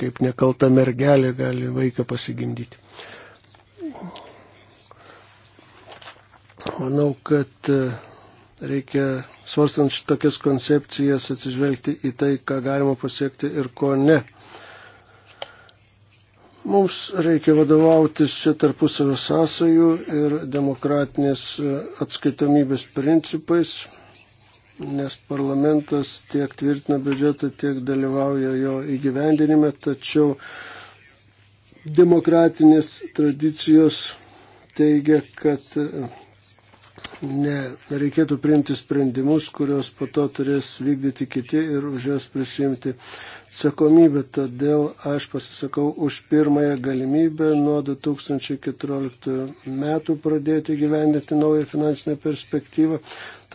kaip nekalta mergelė gali vaiką pasigimdyti. Manau, kad e, reikia, svarstant šitokias koncepcijas, atsižvelgti į tai, ką galima pasiekti ir ko ne. Mums reikia vadovautis čia tarpusavio sąsajų ir demokratinės e, atskaitomybės principais, nes parlamentas tiek tvirtina biudžetą, tiek dalyvauja jo įgyvendinime, tačiau demokratinės tradicijos teigia, kad e, ne, reikėtų priimti sprendimus, kurios po to turės vykdyti kiti ir už jas prisimti atsakomybę. Todėl aš pasisakau už pirmąją galimybę nuo 2014 metų pradėti gyvendyti naują finansinę perspektyvą,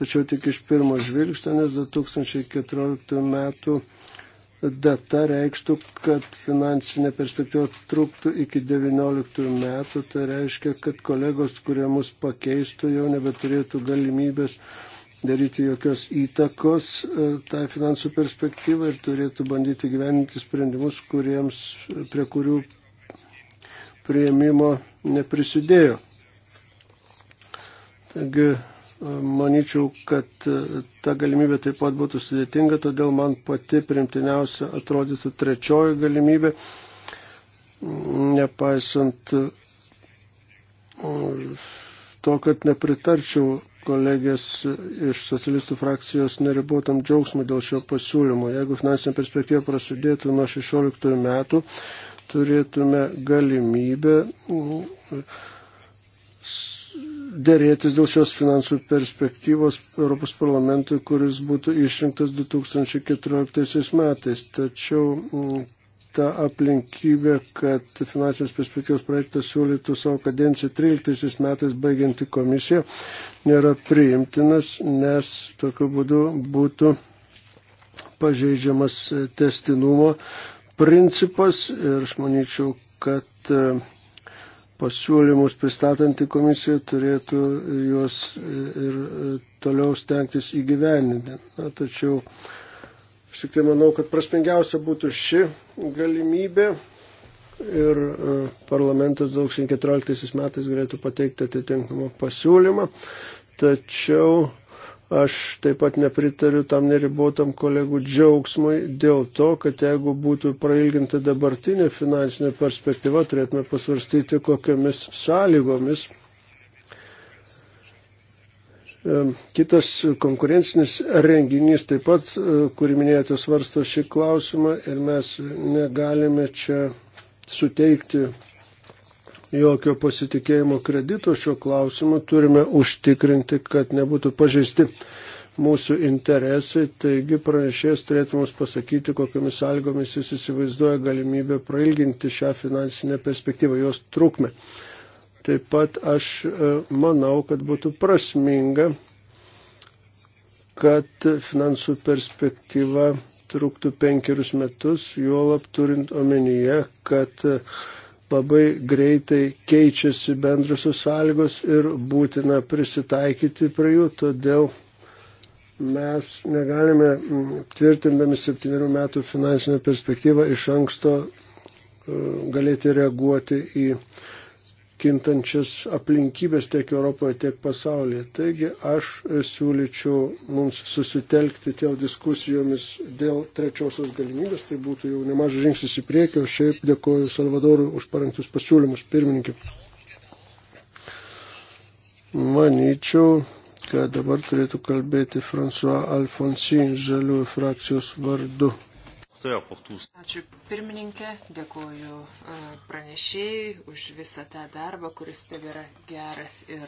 tačiau tik iš pirmo žvilgsnio, nes 2014 metų data reikštų, kad finansinė perspektyva truktų iki 19 metų. Tai reiškia, kad kolegos, kurie mus pakeistų, jau nebeturėtų galimybės daryti jokios įtakos e, tai finansų perspektyvai ir turėtų bandyti gyveninti sprendimus, kuriems, prie kurių prieimimo neprisidėjo. Taigi Manyčiau, kad e, ta galimybė taip pat būtų sudėtinga, todėl man pati primtiniausia atrodytų trečioji galimybė, nepaisant e, to, kad nepritarčiau kolegės iš socialistų frakcijos neribotam džiaugsmui dėl šio pasiūlymo. Jeigu finansinė perspektyva prasidėtų nuo 16 metų, turėtume galimybę. Mm, dėrėtis dėl šios finansų perspektyvos Europos parlamentui, kuris būtų išrinktas 2014 metais. Tačiau mm, ta aplinkybė, kad finansinės perspektyvos projektas siūlytų savo kadenciją 13 metais baigianti komisiją, nėra priimtinas, nes tokiu būdu būtų pažeidžiamas testinumo principas ir aš manyčiau, kad pasiūlymus pristatanti komisija turėtų juos ir toliau stengtis įgyveninti. Na, tačiau aš tik tai manau, kad prasmingiausia būtų ši galimybė ir e, parlamentas 2014 metais galėtų pateikti atitinkamą pasiūlymą. Tačiau Aš taip pat nepritariu tam neribotam kolegų džiaugsmui dėl to, kad jeigu būtų prailginta dabartinė finansinė perspektyva, turėtume pasvarstyti, kokiamis sąlygomis. Kitas konkurencinis renginys taip pat, e, kurį minėjote, svarsto šį klausimą ir mes negalime čia suteikti jokio pasitikėjimo kredito šiuo klausimu, turime užtikrinti, kad nebūtų pažeisti mūsų interesai, taigi pranešėjas turėtų mums pasakyti, kokiamis sąlygomis jis įsivaizduoja galimybę prailginti šią finansinę perspektyvą, jos trukmę. Taip pat aš e, manau, kad būtų prasminga, kad finansų perspektyva truktų penkerius metus, juolap turint omenyje, kad uh, labai greitai keičiasi bendrusios sąlygos ir būtina prisitaikyti prie jų, todėl mes negalime mm, tvirtindami septynių metų finansinę perspektyvą iš anksto e, galėti reaguoti į kintančias aplinkybės tiek Europoje, tiek pasaulyje. Taigi aš siūlyčiau mums susitelkti dėl diskusijomis dėl trečiosios galimybės, tai būtų jau nemažas žingsnis į priekį, o šiaip dėkoju Salvadorui už parengtus pasiūlymus, pirmininkė. Manyčiau, kad dabar turėtų kalbėti François Alfonsi žaliųjų frakcijos vardu. Ačiū pirmininkė, dėkoju e, pranešėjai už visą tą darbą, kuris tebėra geras ir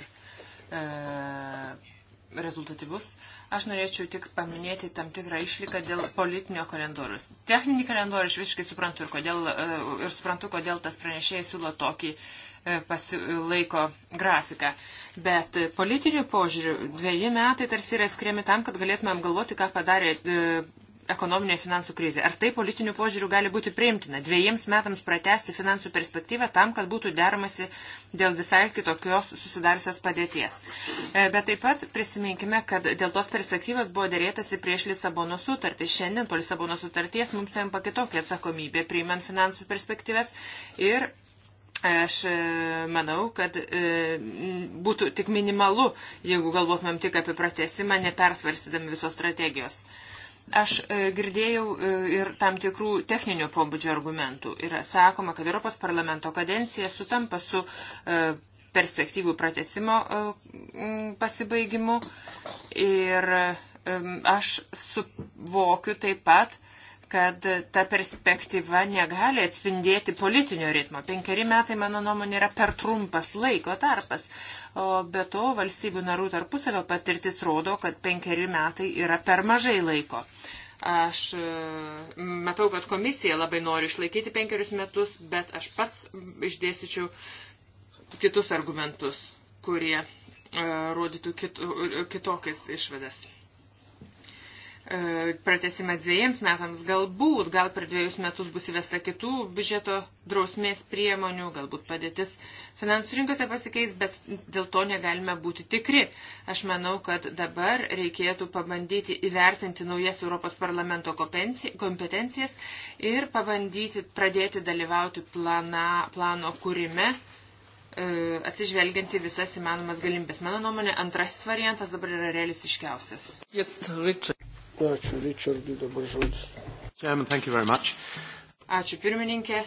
e, rezultatyvus. Aš norėčiau tik paminėti tam tikrą išliką dėl politinio kalendorius. Techninį kalendorių aš visiškai suprantu ir, kodėl, e, ir suprantu, kodėl tas pranešėjas siūlo tokį e, pasilaiko grafiką. Bet politiniu požiūriu dviejai metai tarsi yra skiriami tam, kad galėtumėm galvoti, ką padarė ekonominė finansų krizė. Ar tai politinių požiūrių gali būti priimtina dviejiems metams pratesti finansų perspektyvą tam, kad būtų deramasi dėl visai kitokios susidariusios padėties. E, bet taip pat prisiminkime, kad dėl tos perspektyvos buvo dėrėtasi prieš Lisabono sutartį. Šiandien po Lisabono sutarties mums tenka kitokia atsakomybė priimant finansų perspektyvas ir Aš e, manau, kad e, būtų tik minimalu, jeigu galvotumėm tik apie pratesimą, nepersvarstydami visos strategijos. Aš e, girdėjau e, ir tam tikrų techninio pobūdžio argumentų. Yra sakoma, kad Europos parlamento kadencija sutampa su e, perspektyvų pratesimo pasibaigimu. Ir aš suvokiu taip pat, kad ta perspektyva negali atspindėti politinio ritmo. Penkeri metai, mano nuomonė, yra per trumpas laiko tarpas. O be to, valstybių narų tarpusavio patirtis rodo, kad penkeri metai yra per mažai laiko. Aš e, matau, kad komisija labai nori išlaikyti penkerius metus, bet aš pats išdėsičiau kitus argumentus, kurie e, rodytų kitokias išvadas. E, pratesimas dviejiems metams, galbūt, gal per dviejus metus bus įvesta kitų biudžeto drausmės priemonių, galbūt padėtis finansų rinkose pasikeis, bet dėl to negalime būti tikri. Aš manau, kad dabar reikėtų pabandyti įvertinti naujas Europos parlamento kompetencijas ir pabandyti pradėti dalyvauti plana, plano kūrime e, atsižvelgianti visas įmanomas galimybės. Mano nuomonė, antrasis variantas dabar yra realistiškiausias. Ačiū Richardui dabar žodis. Chairman, thank you very much. Ačiū pirmininkė.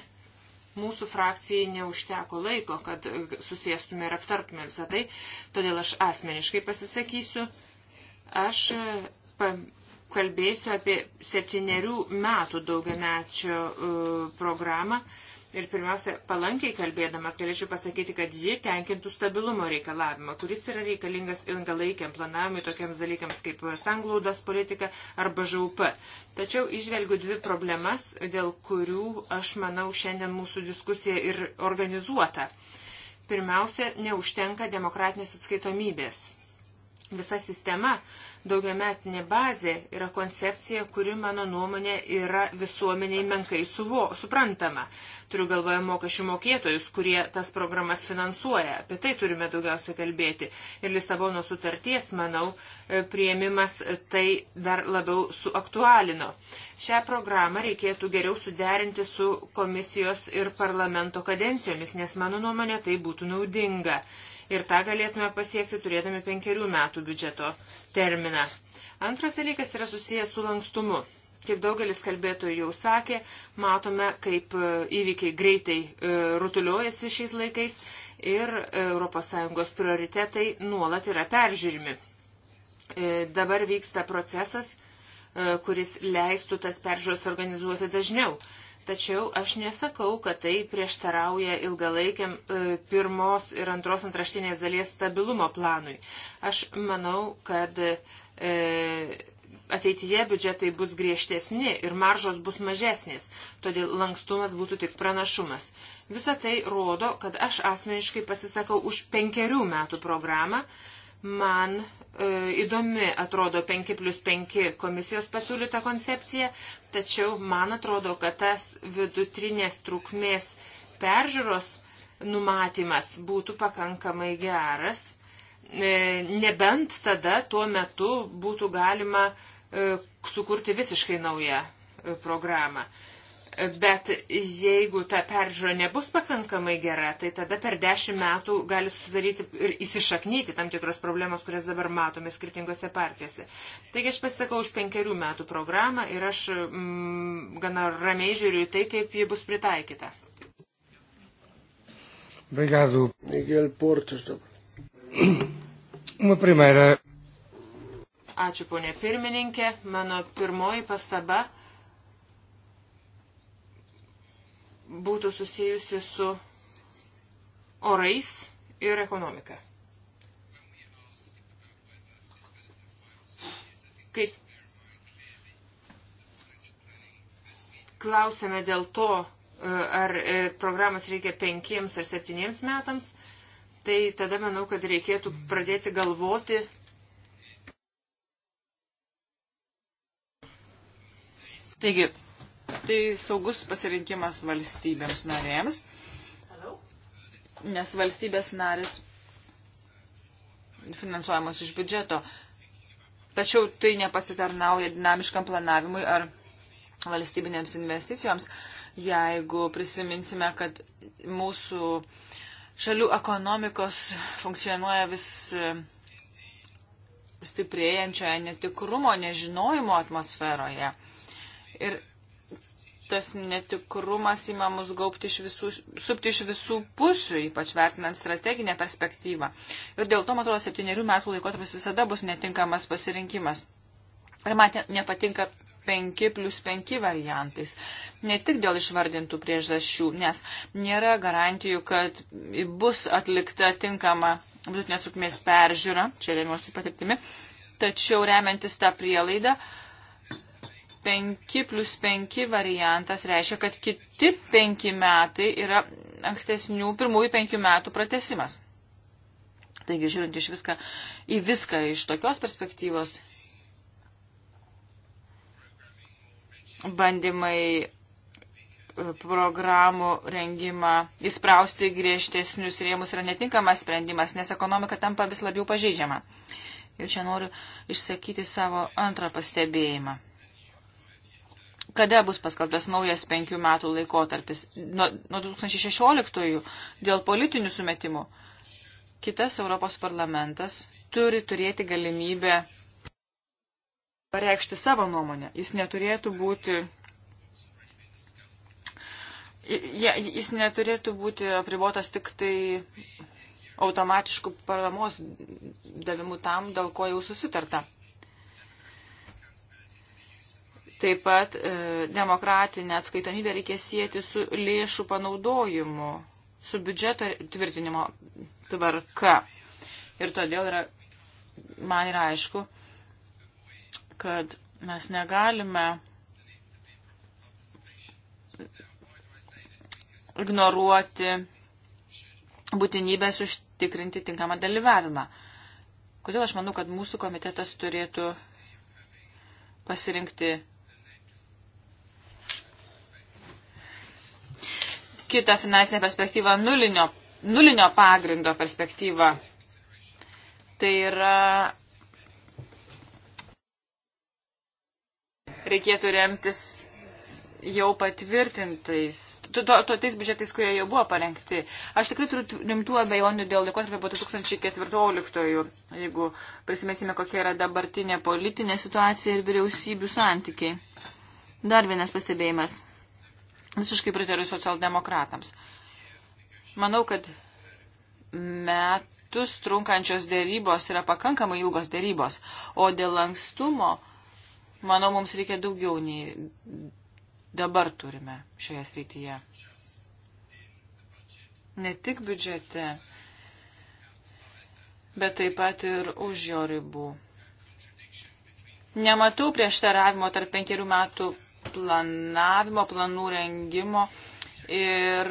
Mūsų frakcijai neužteko laiko, kad susėstume ir aptartume visą tai, todėl aš asmeniškai pasisakysiu. Aš e, kalbėsiu apie septyniarių metų daugiamečio e, programą. Uh, Ir pirmiausia, palankiai kalbėdamas galėčiau pasakyti, kad ji tenkintų stabilumo reikalavimą, kuris yra reikalingas ilgalaikiam planavimui tokiems dalykams kaip sanglaudos politika arba ŽUP. Tačiau išvelgiu dvi problemas, dėl kurių aš manau šiandien mūsų diskusija ir organizuota. Pirmiausia, neužtenka demokratinės atskaitomybės. Visa sistema Daugiametinė bazė yra koncepcija, kuri, mano nuomonė, yra visuomeniai menkai suvo, suprantama. Turiu galvoje mokesčių mokėtojus, kurie tas programas finansuoja. Apie tai turime daugiausiai kalbėti. Ir Lisabono sutarties, manau, e, prieimimas tai dar labiau suaktualino. Šią programą reikėtų geriau suderinti su komisijos ir parlamento kadencijomis, nes, mano nuomonė, tai būtų naudinga. Ir tą galėtume pasiekti turėdami penkerių metų biudžeto terminą. Antras dalykas yra susijęs su lankstumu. Kaip daugelis kalbėtojų jau sakė, matome, kaip e, įvykiai greitai e, rutuliuojasi šiais laikais ir ES prioritetai nuolat yra peržiūrimi. E, dabar vyksta procesas, kuris leistų tas peržiūros organizuoti dažniau. Tačiau aš nesakau, kad tai prieštarauja ilgalaikiam e, pirmos ir antros antraštinės dalies stabilumo planui. Aš manau, kad e, ateityje biudžetai bus griežtesni ir maržos bus mažesnės, todėl lankstumas būtų tik pranašumas. Visą tai rodo, kad aš asmeniškai pasisakau už penkerių metų programą, man e, įdomi atrodo 5 plus 5 komisijos pasiūlyta koncepcija, tačiau man atrodo, kad tas vidutrinės trukmės peržiūros numatymas būtų pakankamai geras, e, nebent tada tuo metu būtų galima e, sukurti visiškai naują programą. Bet jeigu ta peržiūra nebus pakankamai gera, tai tada per dešimt metų gali susidaryti ir įsišaknyti tam tikros problemos, kurias dabar matome skirtingose partijose. Taigi aš pasisakau už penkerių metų programą ir aš mm, gana ramiai žiūriu į tai, kaip ji bus pritaikyta. Obrigado. Miguel Portas. Uma primeira. Ačiū, ponė pirmininkė. Mano pirmoji pastaba būtų susijusi su orais ir ekonomika. Kaip klausėme dėl to, e, ar e, programos reikia penkiems ar septyniems metams, tai tada manau, kad reikėtų pradėti galvoti Taigi, tai saugus pasirinkimas valstybėms narėms, nes valstybės narės finansuojamos iš biudžeto. Tačiau tai nepasitarnauja dinamiškam planavimui ar valstybinėms investicijoms, jeigu prisiminsime, kad mūsų šalių ekonomikos funkcionuoja vis stiprėjančioje netikrumo, nežinojimo atmosferoje. Ir tas netikrumas ima mus gaupti iš visų, supti iš visų pusių, ypač vertinant strateginę perspektyvą. Ir dėl to, man atrodo, septyniarių metų laikotarpis visada bus netinkamas pasirinkimas. Ir man nepatinka 5 plus 5 variantais. Ne tik dėl išvardintų priežasčių, nes nėra garantijų, kad bus atlikta tinkama vidutinės sukmės peržiūra, čia remiuosi patirtimi, tačiau remiantis tą prielaidą, uh, 5 plus 5 variantas reiškia, kad kiti 5 metai yra ankstesnių pirmųjų 5 metų pratesimas. Taigi, žiūrint iš viską, į viską iš tokios perspektyvos, bandymai e, programų rengimą įsprausti griežtesnius rėmus yra netinkamas sprendimas, nes ekonomika tampa vis labiau pažeidžiama. Ir čia noriu išsakyti savo antrą pastebėjimą kada bus paskelbtas naujas penkių metų laikotarpis? Nuo, nuo 2016 dėl politinių sumetimų. Kitas Europos parlamentas turi turėti galimybę pareikšti savo nuomonę. Jis neturėtų būti. Jis neturėtų būti apribotas tik tai automatiškų paramos davimų tam, dėl ko jau susitarta. Taip pat e, demokratinę atskaitomybę reikia sieti su lėšų panaudojimu, su biudžeto tvirtinimo tvarka. Ir todėl yra, man yra aišku, kad mes negalime ignoruoti būtinybės užtikrinti tinkamą dalyvavimą. Kodėl aš manau, kad mūsų komitetas turėtų pasirinkti kitą finansinę perspektyvą nulinio, nulinio pagrindo perspektyvą. Tai yra. Reikėtų remtis jau patvirtintais, to, to, tais biudžetais, kurie jau buvo parengti. Aš tikrai turiu rimtų abejonių dėl laikotarpio po 2014, jeigu prisimėsime, kokia yra dabartinė politinė situacija ir vyriausybių santykiai. Dar vienas pastebėjimas. Visiškai pritariu socialdemokratams. Manau, kad metus trunkančios dėrybos yra pakankamai ilgos dėrybos, o dėl lankstumo, manau, mums reikia daugiau nei dabar turime šioje srityje. Ne tik biudžete, bet taip pat ir už jo ribų. Nematau prieštaravimo tarp penkerių metų planavimo, planų rengimo ir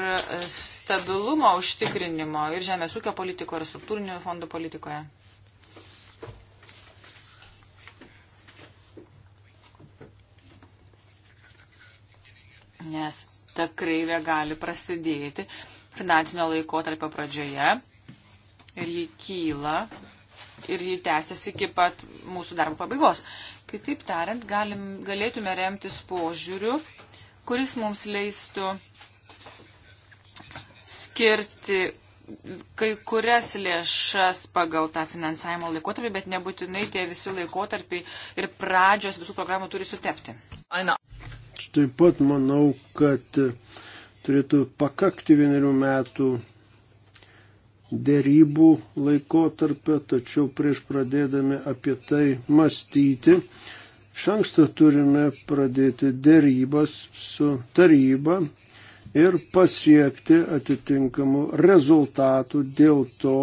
stabilumo užtikrinimo ir žemės ūkio politikoje, ir struktūrinių fondų politikoje. Nes ta kreivė gali prasidėti finansinio laikotarpio pradžioje ir ji kyla ir ji tęsiasi iki pat mūsų darbo pabaigos. Kitaip tariant, galim, galėtume remtis požiūriu, kuris mums leistų skirti kai kurias lėšas pagal tą finansavimo laikotarpį, bet nebūtinai tie visi laikotarpiai ir pradžios visų programų turi sutepti. Aš taip pat manau, kad turėtų pakakti vienerių metų dėrybų laikotarpio, tačiau prieš pradėdami apie tai mąstyti, šanksto turime pradėti dėrybas su taryba ir pasiekti atitinkamų rezultatų dėl to,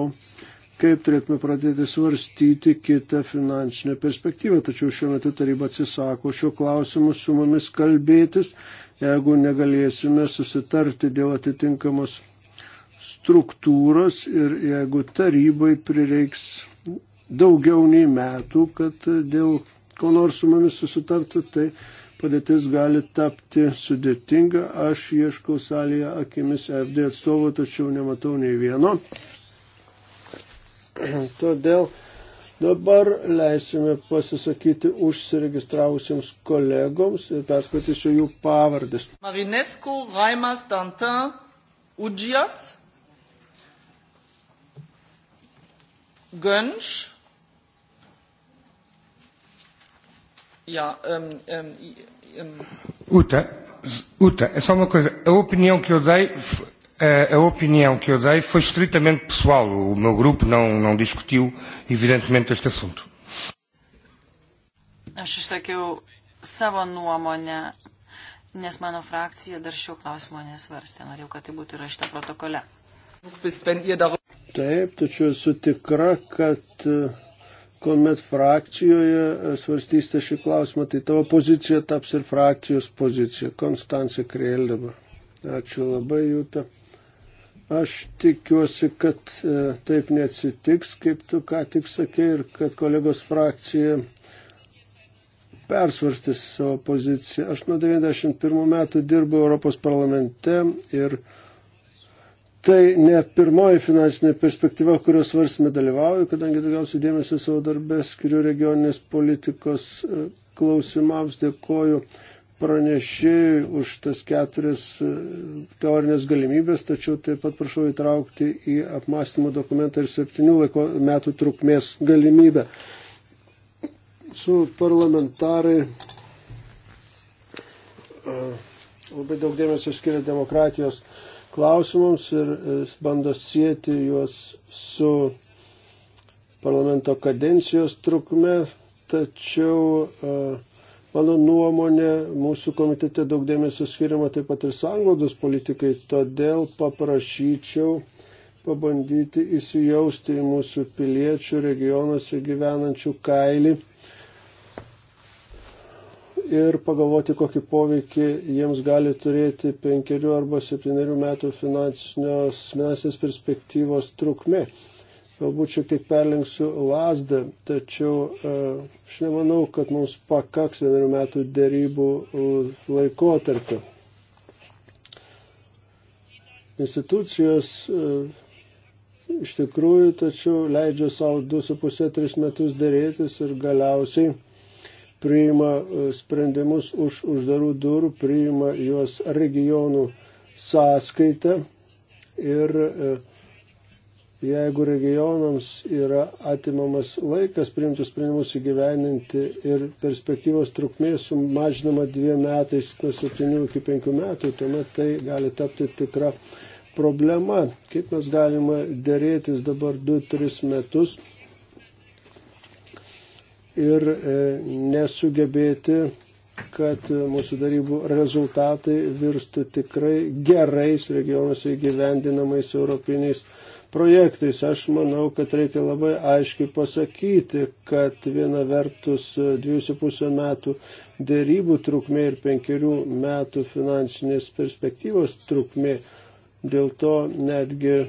kaip turėtume pradėti svarstyti kitą finansinę perspektyvą. Tačiau šiuo metu taryba atsisako šiuo klausimu su mumis kalbėtis, jeigu negalėsime susitarti dėl atitinkamos struktūros ir jeigu tarybai prireiks daugiau nei metų, kad dėl ko nors su mumis susitartų, tai padėtis gali tapti sudėtinga. Aš ieškau salėje akimis FD atstovo, tačiau nematau nei vieno. Todėl dabar leisime pasisakyti užsiregistravusiems kolegoms ir perskaitysiu jų pavardės. Marinescu, Raimas, Dantin, Udžijas, Gönsch. Yeah, um, um, ähm, um. Ähm. Uta, Uta, é só uma coisa. A opinião que eu dei, a, a opinião que eu dei foi estritamente pessoal. O meu grupo não, não discutiu, evidentemente, este assunto. Aš išsakiau savo nuomonę, nes mano frakcija dar šio klausimo nesvarstė. Norėjau, kad tai būtų įrašta protokole. Bis, Taip, tačiau esu tikra, kad e, kuomet frakcijoje e, svarstysite šį klausimą, tai tavo pozicija taps ir frakcijos pozicija. Konstancija Krėl dabar. Ačiū labai, Jūta. Aš tikiuosi, kad e, taip neatsitiks, kaip tu ką tik sakei, ir kad kolegos frakcija persvarstys savo poziciją. Aš nuo 91 metų dirbu Europos parlamente ir Tai ne pirmoji finansinė perspektyva, kurios svarsime dalyvauju, kadangi daugiausiai dėmesio savo darbę skiriu regioninės politikos e, klausimams. Dėkoju pranešėjui už tas keturias e, teorinės galimybės, tačiau taip pat prašau įtraukti į apmąstymo dokumentą ir septynių laiko metų trukmės galimybę. Su parlamentarai e, labai daug dėmesio skiria demokratijos klausimams ir e, bando sieti juos su parlamento kadencijos trukme, tačiau e, mano nuomonė mūsų komitete daug dėmesio skiriama taip pat ir sanglaudos politikai, todėl paprašyčiau pabandyti įsijausti į mūsų piliečių regionuose gyvenančių kailį ir pagalvoti, kokį poveikį jiems gali turėti penkerių arba septyniarių metų finansinės perspektyvos trukmė. Galbūt šiek tiek perlinksiu lasdą, tačiau e, aš nemanau, kad mums pakaks vienerių metų dėrybų e, laikotarpio. Institucijos e, iš tikrųjų, tačiau leidžia savo 2,5-3 metus dėrėtis ir galiausiai priima e, sprendimus už uždarų durų, priima juos regionų sąskaitą ir e, jeigu regionams yra atimamas laikas priimtus sprendimus įgyveninti ir perspektyvos trukmė sumažinama dviem metais nuo 7 iki 5 metų, tuomet tai gali tapti tikra problema. Kaip mes galime dėrėtis dabar 2-3 metus ir e, nesugebėti, kad mūsų darybų rezultatai virstų tikrai gerais regionuose įgyvendinamais europiniais projektais. Aš manau, kad reikia labai aiškiai pasakyti, kad viena vertus 2,5 metų dėrybų trukmė ir penkerių metų finansinės perspektyvos trukmė. Dėl to netgi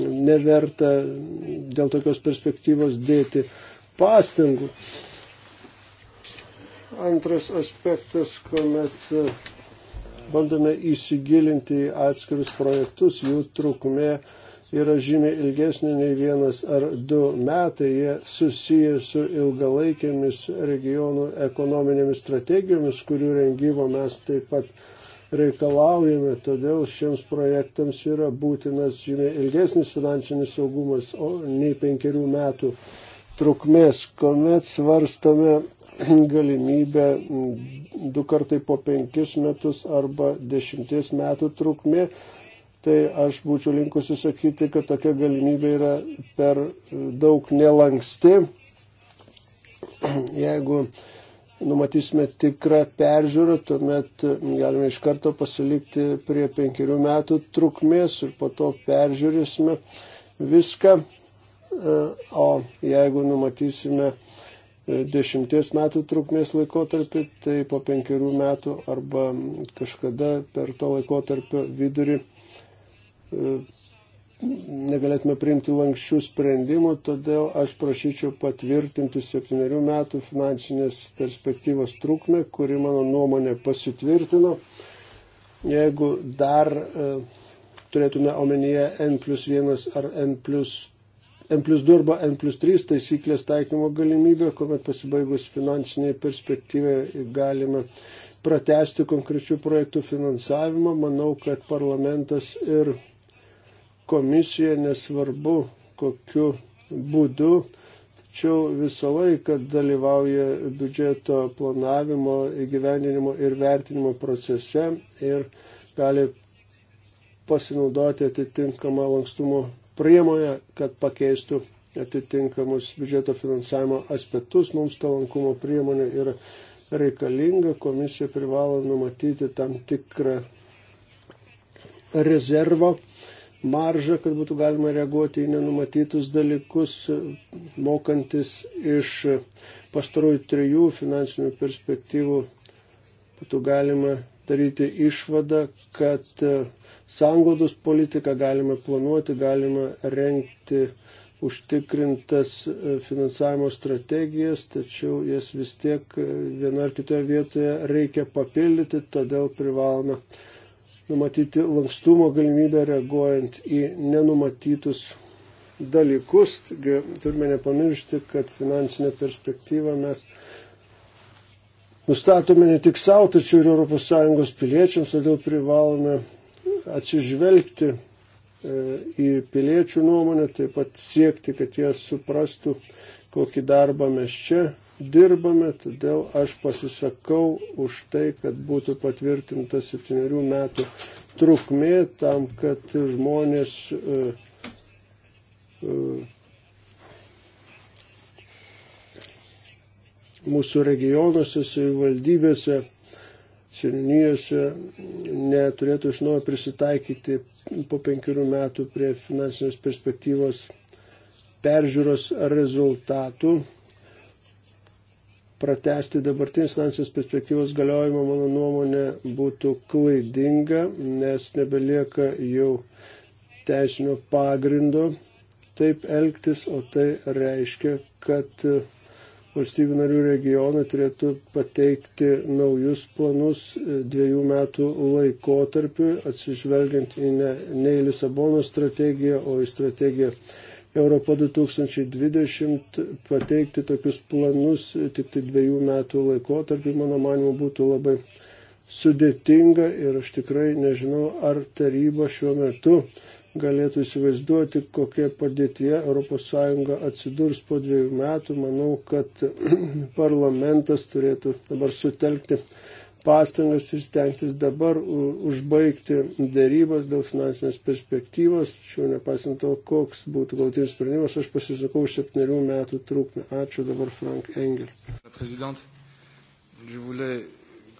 neverta dėl tokios perspektyvos dėti pastangų. Antras aspektas, kuomet e, bandome įsigilinti į atskirus projektus, jų trukmė yra žymiai ilgesnė nei vienas ar du metai, jie susiję su ilgalaikėmis regionų ekonominėmis strategijomis, kurių rengimo mes taip pat reikalaujame, todėl šiems projektams yra būtinas žymiai ilgesnis finansinis saugumas, o nei penkerių metų trukmės, kuomet svarstame galimybę du kartai po penkis metus arba dešimties metų trukmė, tai aš būčiau linkusi sakyti, kad tokia galimybė yra per daug nelanksti. Jeigu numatysime tikrą peržiūrą, tuomet galime iš karto pasilikti prie penkerių metų trukmės ir po to peržiūrėsime viską E, o jeigu numatysime e, dešimties metų trukmės laikotarpį, tai po penkerių metų arba kažkada per to laikotarpio vidurį e, negalėtume priimti lankščių sprendimų, todėl aš prašyčiau patvirtinti septyniarių metų finansinės perspektyvos trukmę, kuri mano nuomonė pasitvirtino. Jeigu dar turėtume omenyje N plus 1 ar N plus N plus 2 arba N plus 3 taisyklės taikymo galimybė, kuomet pasibaigus finansiniai perspektyvai galime pratesti konkrečių projektų finansavimą. Manau, kad parlamentas ir komisija nesvarbu kokiu būdu, tačiau visą laiką dalyvauja biudžeto planavimo, įgyvendinimo ir vertinimo procese ir gali pasinaudoti atitinkamą lankstumo priemonę, kad pakeistų atitinkamus biudžeto finansavimo aspektus. Mums ta lankumo priemonė yra reikalinga, komisija privalo numatyti tam tikrą rezervą, maržą, kad būtų galima reaguoti į nenumatytus dalykus, mokantis iš pastarųjų trijų finansinių perspektyvų, būtų galima daryti išvadą, kad sangodos politiką, galima planuoti, galima renkti užtikrintas e, finansavimo strategijas, tačiau jas vis tiek e, viena ar kitoje vietoje reikia papildyti, todėl privalome numatyti lankstumo galimybę reaguojant į nenumatytus dalykus. Taigi, turime nepamiršti, kad finansinę perspektyvą mes nustatome ne tik savo, tačiau ir ES piliečiams, todėl privalome atsižvelgti e, į piliečių nuomonę, taip pat siekti, kad jie suprastų, kokį darbą mes čia dirbame, todėl aš pasisakau už tai, kad būtų patvirtinta septyniarių metų trukmė tam, kad žmonės uh, uh, mūsų regionuose, savivaldybėse senijuose neturėtų iš naujo prisitaikyti po penkerių metų prie finansinės perspektyvos peržiūros rezultatų. Pratesti dabartinės finansinės perspektyvos galiojimą, mano nuomonė, būtų klaidinga, nes nebelieka jau teisinio pagrindo taip elgtis, o tai reiškia, kad valstybių narių regionai turėtų pateikti naujus planus e, dviejų metų laikotarpiu, atsižvelgiant į ne, ne į Lisabono strategiją, o į strategiją Europa 2020, pateikti tokius planus e, tik tai dviejų metų laikotarpiu, mano manimo, būtų labai sudėtinga ir aš tikrai nežinau, ar taryba šiuo metu galėtų įsivaizduoti, kokie padėtyje ES atsidurs po dviejų metų. Manau, kad *clears throat* parlamentas turėtų dabar sutelkti pastangas ir stengtis dabar užbaigti dėrybas dėl finansinės perspektyvos. Šiuo nepaisant to, koks būtų galtinis sprendimas, aš pasisakau už septynerių metų trūkmę. Ačiū dabar Frank Engel.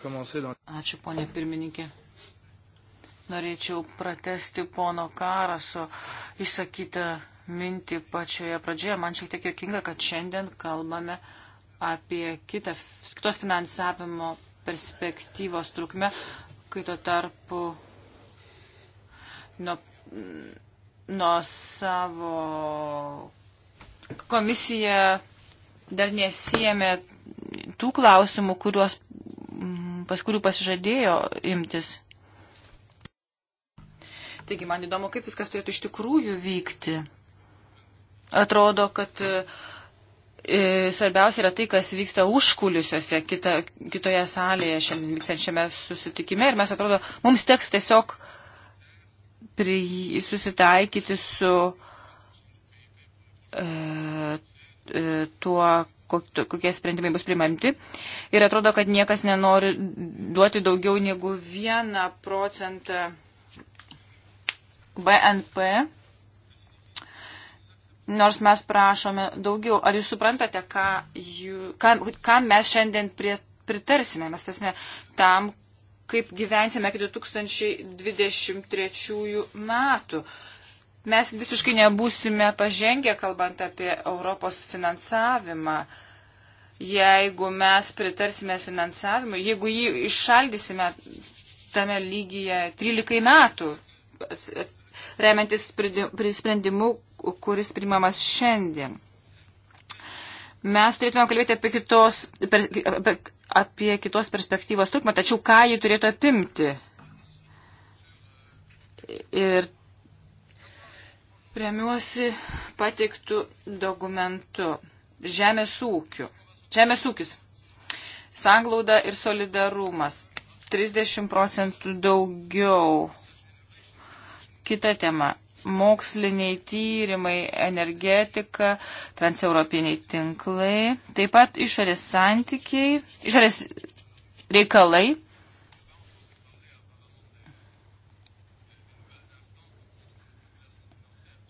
Ačiū, ponė pirmininkė norėčiau pratesti pono Karaso išsakytą mintį pačioje pradžioje. Man šiek tiek jokinga, kad šiandien kalbame apie kitą, kitos finansavimo perspektyvos trukmę, kai tuo tarpu nuo, nuo savo komisija dar nesijėmė tų klausimų, kuriuos, pas kurių pasižadėjo imtis Taigi man įdomu, kaip viskas turėtų iš tikrųjų vykti. Atrodo, kad e, e, svarbiausia yra tai, kas vyksta užkulisiuose kita, kitoje salėje šiandien vykstančiame susitikime ir mes atrodo, mums teks tiesiog pri, susitaikyti su e, e, tuo, kokie sprendimai bus primamti. Ir atrodo, kad niekas nenori duoti daugiau negu vieną procentą BNP, nors mes prašome daugiau. Ar jūs suprantate, ką, jų, ką, ką mes šiandien prie, pritarsime? Mes tasime tam, kaip gyvensime iki 2023 metų. Mes visiškai nebūsime pažengę, kalbant apie Europos finansavimą. Jeigu mes pritarsime finansavimui, jeigu jį iššaldysime tame lygyje 13 metų, remiantis prisprendimu, kuris primamas šiandien. Mes turėtume kalbėti apie kitos, per, apie, apie kitos perspektyvos trukmę, tačiau ką jį turėtų apimti. Ir remiuosi pateiktų dokumentu. Žemės ūkiu. Žemės ūkis. Sanglauda ir solidarumas. 30 procentų daugiau Kita tema - moksliniai tyrimai, energetika, transeuropiniai tinklai, taip pat išorės santykiai, išorės reikalai.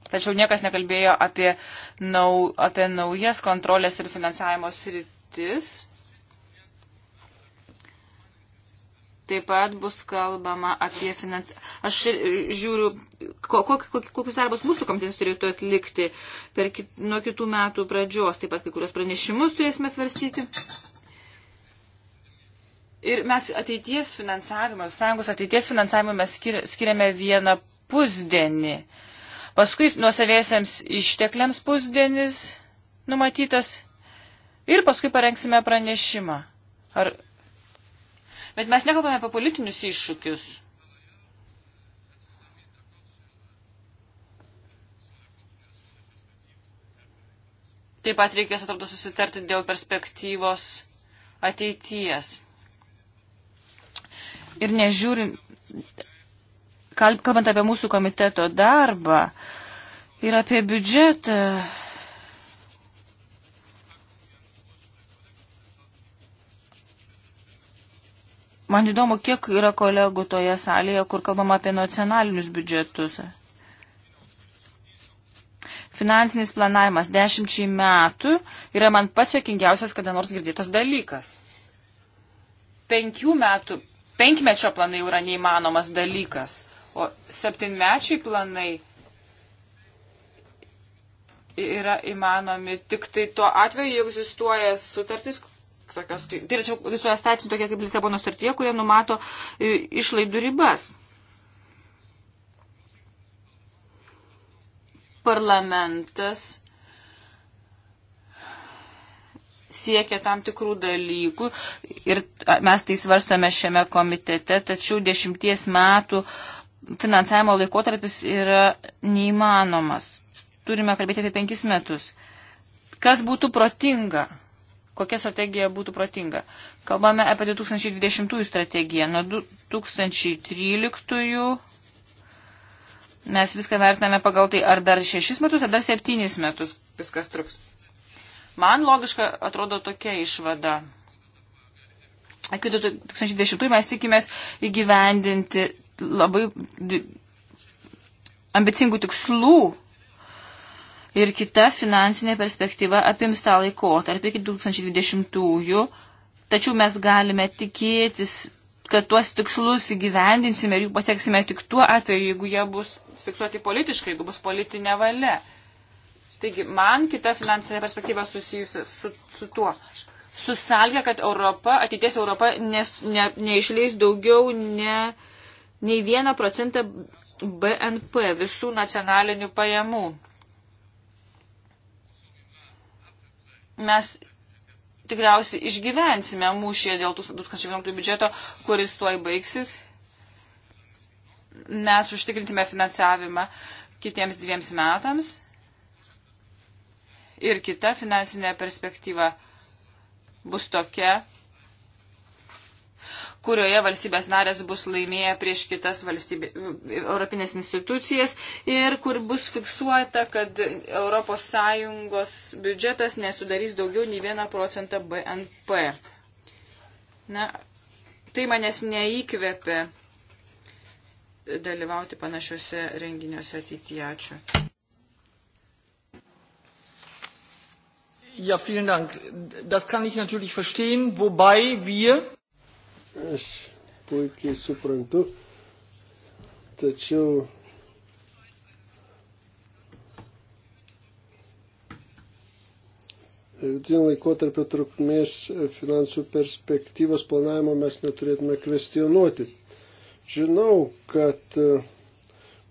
Tačiau niekas nekalbėjo apie, nau, apie naujas kontrolės ir finansavimo sritis. Taip pat bus kalbama apie finansavimą. Aš žiūriu, kokius darbus mūsų komitetas turėtų atlikti per kit, nuo kitų metų pradžios. Taip pat kai kurios pranešimus turėsime svarstyti. Ir mes ateities finansavimą, sąjungos ateities finansavimą mes skir, skiriame vieną pusdienį. Paskui nuosavėsiams ištekliams pusdienis numatytas. Ir paskui parengsime pranešimą. Ar Bet mes nekalbame apie politinius iššūkius. Taip pat reikės, atrodo, susitarti dėl perspektyvos ateities. Ir nežiūrint, kalbant apie mūsų komiteto darbą ir apie biudžetą, Man įdomu, kiek yra kolegų toje salėje, kur kalbama apie nacionalinius biudžetus. Finansinis planavimas dešimčiai metų yra man pats jokingiausias kada nors girdėtas dalykas. Penkių metų, penkmečio planai yra neįmanomas dalykas, o septynmečiai planai yra įmanomi tik tai tuo atveju egzistuoja sutartis, tokios, tai yra visoje statinio tokie kaip Lisabono sutartyje, kurie numato e, išlaidų ribas. Parlamentas siekia tam tikrų dalykų ir mes tai svarstame šiame komitete, tačiau dešimties metų finansavimo laikotarpis yra neįmanomas. Turime kalbėti apie penkis metus. Kas būtų protinga? kokia strategija būtų protinga. Kalbame apie 2020 strategiją. Nuo 2013 mes viską vertiname pagal tai, ar dar 6 metus, ar dar 7 metus viskas truks. Man logiška atrodo tokia išvada. Iki 2010 mes tikimės įgyvendinti labai ambicingų tikslų ir kita finansinė perspektyva apims tą laikotarpį iki 2020-ųjų, tačiau mes galime tikėtis, kad tuos tikslus įgyvendinsime ir jų pasieksime tik tuo atveju, jeigu jie bus fiksuoti politiškai, jeigu bus politinė valia. Taigi, man kita finansinė perspektyva susijusi su, su tuo. Susalgia, kad Europa, ateities Europa nes, ne, neišleis daugiau ne, nei vieną procentą BNP visų nacionalinių pajamų. mes tikriausiai išgyvensime mūšyje dėl 2011 biudžeto, kuris tuoj baigsis. Mes užtikrintime finansavimą kitiems dviems metams ir kita finansinė perspektyva bus tokia, kurioje valstybės narės bus laimėję prieš kitas valstybė, europinės institucijas ir kur bus fiksuota, kad ES biudžetas nesudarys daugiau nei 1 procentą BNP. Na, tai manęs neįkvėpė dalyvauti panašiuose renginiuose ateityje. Ačiū. Ja, vielen Dank. Das kann ich natürlich verstehen, wobei wir Aš puikiai suprantu, tačiau vidutinio laikotarpio trukmės finansų perspektyvos planavimo mes neturėtume kvestionuoti. Žinau, kad e,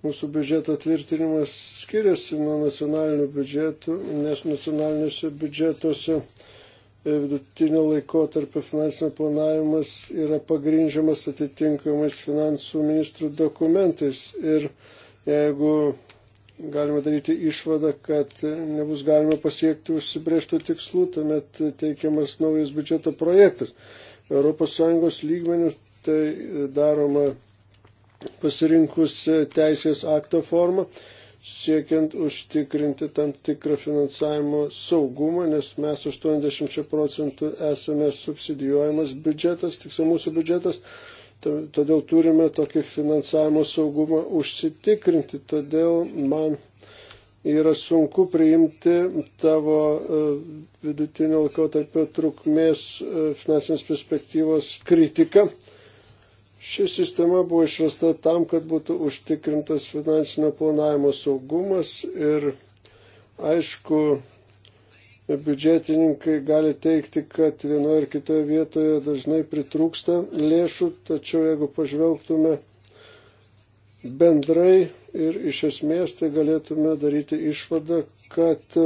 mūsų biudžeto tvirtinimas skiriasi nuo nacionalinių biudžetų, nes nacionaliniuose biudžetuose E, vidutinio laiko tarp finansinio planavimas yra pagrindžiamas atitinkamais finansų ministrų dokumentais. Ir jeigu galima daryti išvadą, kad nebus galima pasiekti užsibrieštų tikslų, tuomet teikiamas naujas biudžeto projektas. ES lygmenių tai daroma pasirinkus teisės akto formą siekiant užtikrinti tam tikrą finansavimo saugumą, nes mes 80 procentų esame subsidijuojamas biudžetas, tiksliau mūsų biudžetas, todėl turime tokį finansavimo saugumą užsitikrinti. Todėl man yra sunku priimti tavo e, vidutinio laikotarpio trukmės e, finansinės perspektyvos kritiką Ši sistema buvo išrasta tam, kad būtų užtikrintas finansinio planavimo saugumas ir aišku, biudžetininkai gali teikti, kad vienoje ir kitoje vietoje dažnai pritrūksta lėšų, tačiau jeigu pažvelgtume bendrai ir iš esmės, tai galėtume daryti išvadą, kad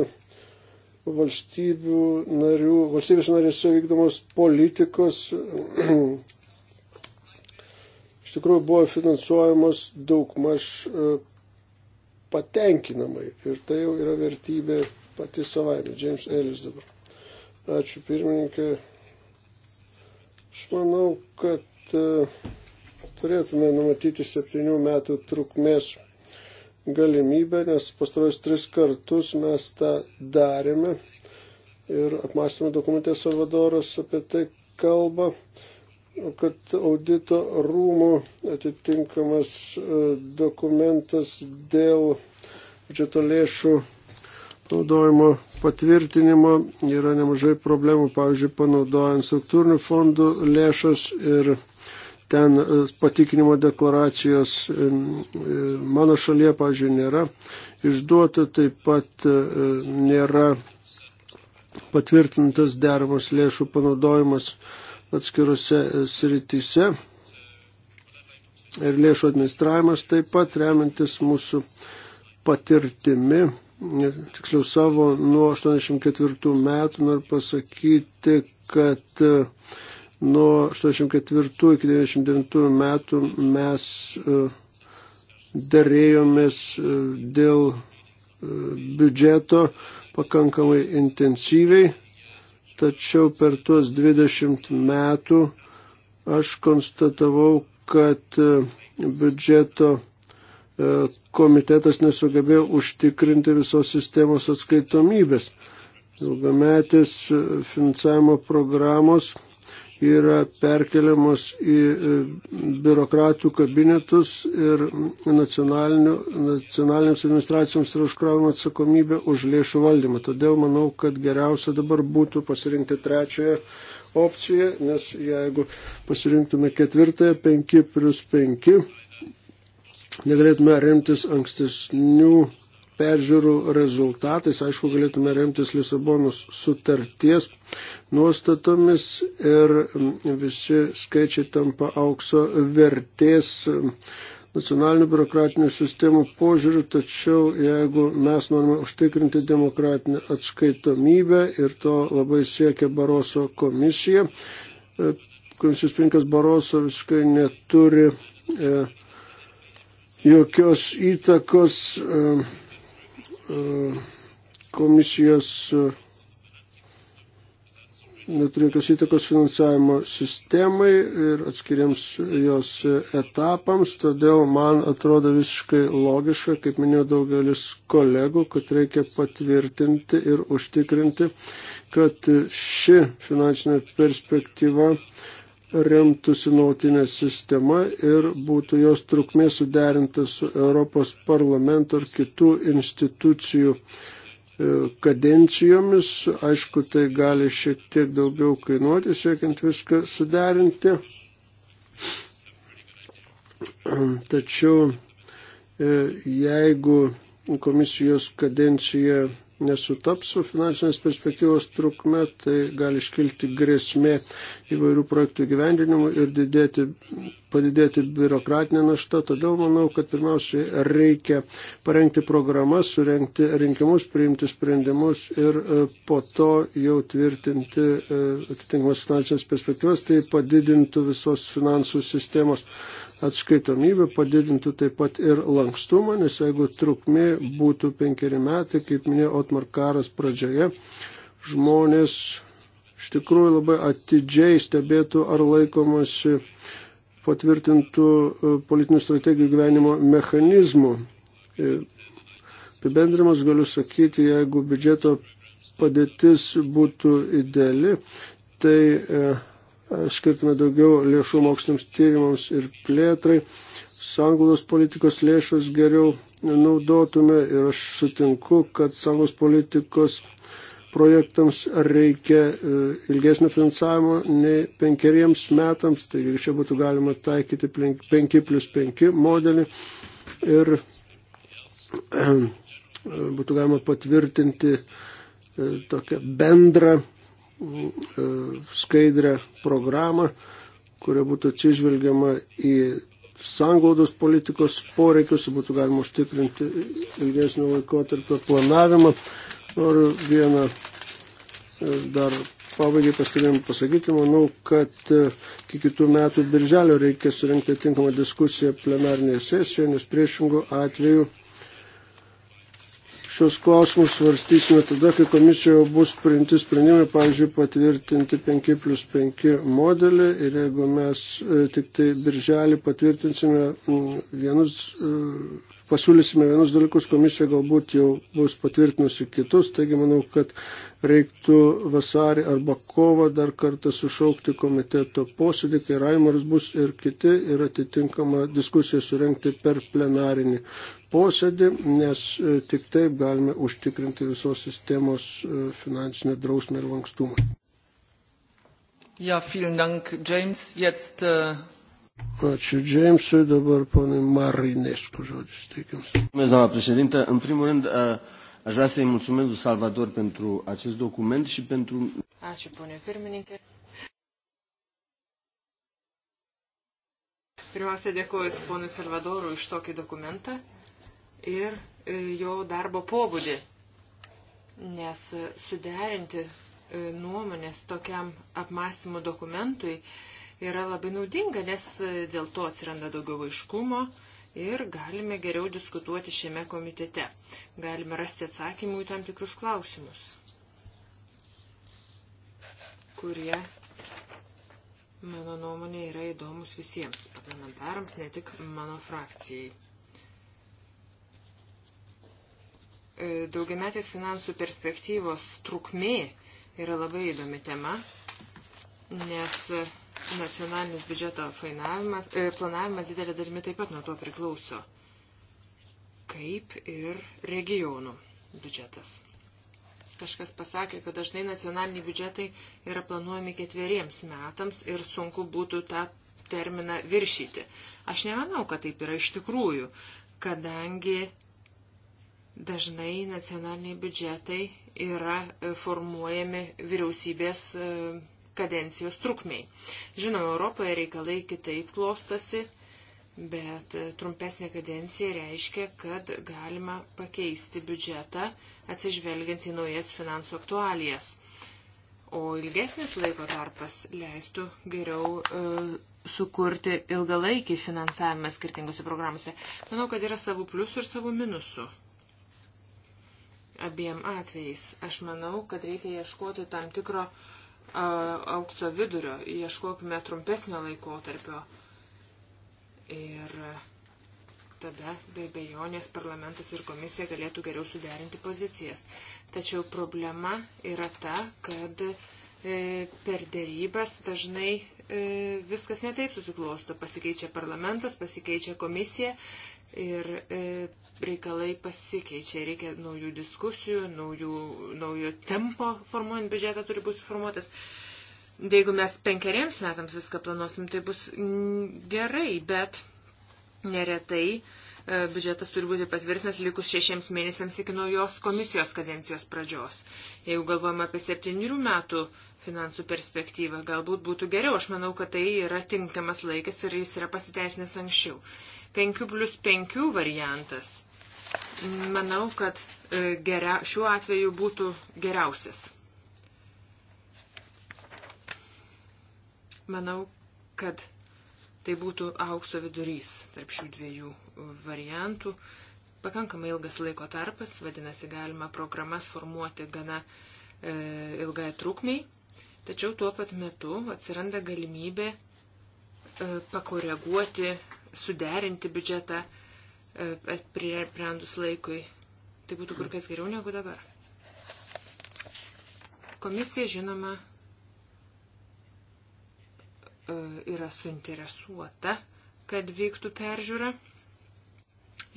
valstybių narių, valstybės narėse vykdomos politikos iš tikrųjų buvo finansuojamos daugmaž e, patenkinamai. Ir tai jau yra vertybė pati savaime. James Ellis dabar. Ačiū pirmininkė. Aš manau, kad e, turėtume numatyti septynių metų trukmės galimybę, nes pastarojus tris kartus mes tą darėme ir apmąstymo dokumente Salvadoras apie tai kalba kad audito rūmų atitinkamas e, dokumentas dėl biudžeto lėšų naudojimo patvirtinimo yra nemažai problemų, pavyzdžiui, panaudojant struktūrinių fondų lėšas ir ten e, patikinimo deklaracijos e, mano šalyje, pavyzdžiui, nėra išduota, taip pat nėra patvirtintas deramas lėšų panaudojimas atskirose srityse ir lėšų administravimas taip pat remiantis mūsų patirtimi, tiksliau savo nuo 84 metų noriu pasakyti, kad e, nuo 84 iki 99 metų mes e, dėrėjomės e, dėl biudžeto pakankamai intensyviai tačiau per tuos 20 metų aš konstatavau, kad e, biudžeto e, komitetas nesugebėjo užtikrinti visos sistemos atskaitomybės. Ilgametės e, finansavimo programos yra perkeliamos į e, biurokratų kabinetus ir nacionalinėms administracijoms yra užkraunama atsakomybė už lėšų valdymą. Todėl manau, kad geriausia dabar būtų pasirinkti trečiąją opciją, nes jeigu pasirinktume ketvirtąją 5 plus 5, negalėtume remtis ankstesnių peržiūrų rezultatais, aišku, galėtume remtis Lisabonus sutarties nuostatomis ir visi skaičiai tampa aukso vertės nacionalinių biurokratinių sistemų požiūrių, tačiau jeigu mes norime užtikrinti demokratinę atskaitomybę ir to labai siekia Baroso komisija, e, komisijos pinkas Baroso visiškai neturi e, jokios įtakos. E, E, komisijos e, neturi jokios įtakos finansavimo sistemai ir atskiriams jos etapams, todėl man atrodo visiškai logiška, kaip minėjo daugelis kolegų, kad reikia patvirtinti ir užtikrinti, kad ši finansinė perspektyva remtųsi nautinė sistema ir būtų jos trukmė suderinta su Europos parlamento ir kitų institucijų e, kadencijomis. Aišku, tai gali šiek tiek daugiau kainuoti, siekiant viską suderinti. Tačiau e, jeigu komisijos kadencija nesutaps su finansinės perspektyvos trukme, tai gali iškilti grėsmė įvairių projektų gyvendinimui ir didėti, padidėti biurokratinė našta. Todėl manau, kad pirmiausiai reikia parengti programas, surenkti rinkimus, priimti sprendimus ir e, po to jau tvirtinti e, atitinkamas finansinės perspektyvas, tai padidintų visos finansų sistemos atskaitomybė padidintų taip pat ir lankstumą, nes jeigu trukmė būtų penkeri metai, kaip minėjo Otmar Karas pradžioje, žmonės iš tikrųjų labai atidžiai stebėtų, ar laikomasi patvirtintų e, politinių strategijų gyvenimo mechanizmų. E, apibendrimas galiu sakyti, jeigu biudžeto padėtis būtų ideali, tai e, skirtume daugiau lėšų moksliniams tyrimams ir plėtrai, sanglaudos politikos lėšos geriau naudotume ir aš sutinku, kad sanglaudos politikos projektams reikia e, ilgesnio finansavimo nei penkeriems metams, taigi čia būtų galima taikyti 5 plus 5 modelį ir e, e, būtų galima patvirtinti tokią bendrą E, skaidrę programą, kuria būtų atsižvelgiama į sanglaudos politikos poreikius, būtų galima užtikrinti ilgesnio laikotarpio planavimą. Noriu vieną e, dar pabaigai pastebėjimą pasakyti. Manau, kad e, iki kitų metų birželio reikia surinkti tinkamą diskusiją plenarnėje sesijoje, nes priešingų atveju Šios klausimus svarstysime tada, kai komisijoje bus priimti sprendimai, pavyzdžiui, patvirtinti 5 plus 5 modelį ir jeigu mes e, tik tai birželį patvirtinsime vienus e, pasiūlysime vienus dalykus, komisija galbūt jau bus patvirtinusi kitus, taigi manau, kad reiktų vasarį arba kovą dar kartą sušaukti komiteto posėdį, kai Raimars bus ir kiti ir atitinkamą diskusiją surenkti per plenarinį posėdį, nes e, tik taip galime užtikrinti visos sistemos e, finansinę drausmę ir lankstumą. Ja, vielen Dank, James. Jetzt äh, uh... Ačiū Džeimsui, dabar ponai Marinescu žodis teikiams. Mes, doamna președintă, în primul rând aș vrea să-i mulțumesc lui Salvador pentru acest document și pentru... Ačiū, ponė pirmininkė. Pirmiausia, dėkuoju ponui Salvadorui už tokį dokumentą ir e, jo darbo pobūdį, nes e, suderinti e, nuomonės tokiam apmąstymų dokumentui yra labai naudinga, nes e, dėl to atsiranda daugiau aiškumo ir galime geriau diskutuoti šiame komitete. Galime rasti atsakymų į tam tikrus klausimus, kurie, mano nuomonė, yra įdomus visiems parlamentarams, ne tik mano frakcijai. E, daugiametės finansų perspektyvos trukmė yra labai įdomi tema, nes Nacionalinis biudžeto e, planavimas didelė dalimi taip pat nuo to priklauso, kaip ir regionų biudžetas. Kažkas pasakė, kad dažnai nacionaliniai biudžetai yra planuojami ketveriems metams ir sunku būtų tą terminą viršyti. Aš nemanau, kad taip yra iš tikrųjų, kadangi dažnai nacionaliniai biudžetai yra e, formuojami vyriausybės e, kadencijos trukmiai. Žinoma, Europoje reikalai kitaip klostosi, bet e, trumpesnė kadencija reiškia, kad galima pakeisti biudžetą atsižvelgiant į naujas finansų aktualijas. O ilgesnis laiko tarpas leistų geriau e, sukurti ilgalaikį finansavimą skirtingose programuose. Manau, kad yra savų pliusų ir savų minusų abiem atvejais. Aš manau, kad reikia ieškoti tam tikro aukso vidurio, ieškokime trumpesnio laikotarpio. Ir tada be bejonės parlamentas ir komisija galėtų geriau suderinti pozicijas. Tačiau problema yra ta, kad e, per dėrybas dažnai e, viskas netaip susiklosto. Pasikeičia parlamentas, pasikeičia komisija ir e, reikalai pasikeičia. Reikia naujų diskusijų, naujų, naujo tempo formuojant biudžetą turi būti suformuotas. Jeigu mes penkeriems metams viską planuosim, tai bus gerai, bet neretai e, biudžetas turi būti patvirtinas likus šešiems mėnesiams iki naujos komisijos kadencijos pradžios. Jeigu galvojame apie septynių metų finansų perspektyvą, galbūt būtų geriau. Aš manau, kad tai yra tinkamas laikas ir jis yra pasiteisinęs anksčiau. 5 plus 5 variantas, manau, kad e, geria, šiuo atveju būtų geriausias. Manau, kad tai būtų aukso vidurys tarp šių dviejų variantų. Pakankamai ilgas laiko tarpas, vadinasi, galima programas formuoti gana e, ilgai trukmiai, tačiau tuo pat metu atsiranda galimybė e, pakoreguoti suderinti biudžetą e, pribrendus laikui. Tai būtų kur kas geriau negu dabar. Komisija, žinoma, e, yra suinteresuota, kad vyktų peržiūra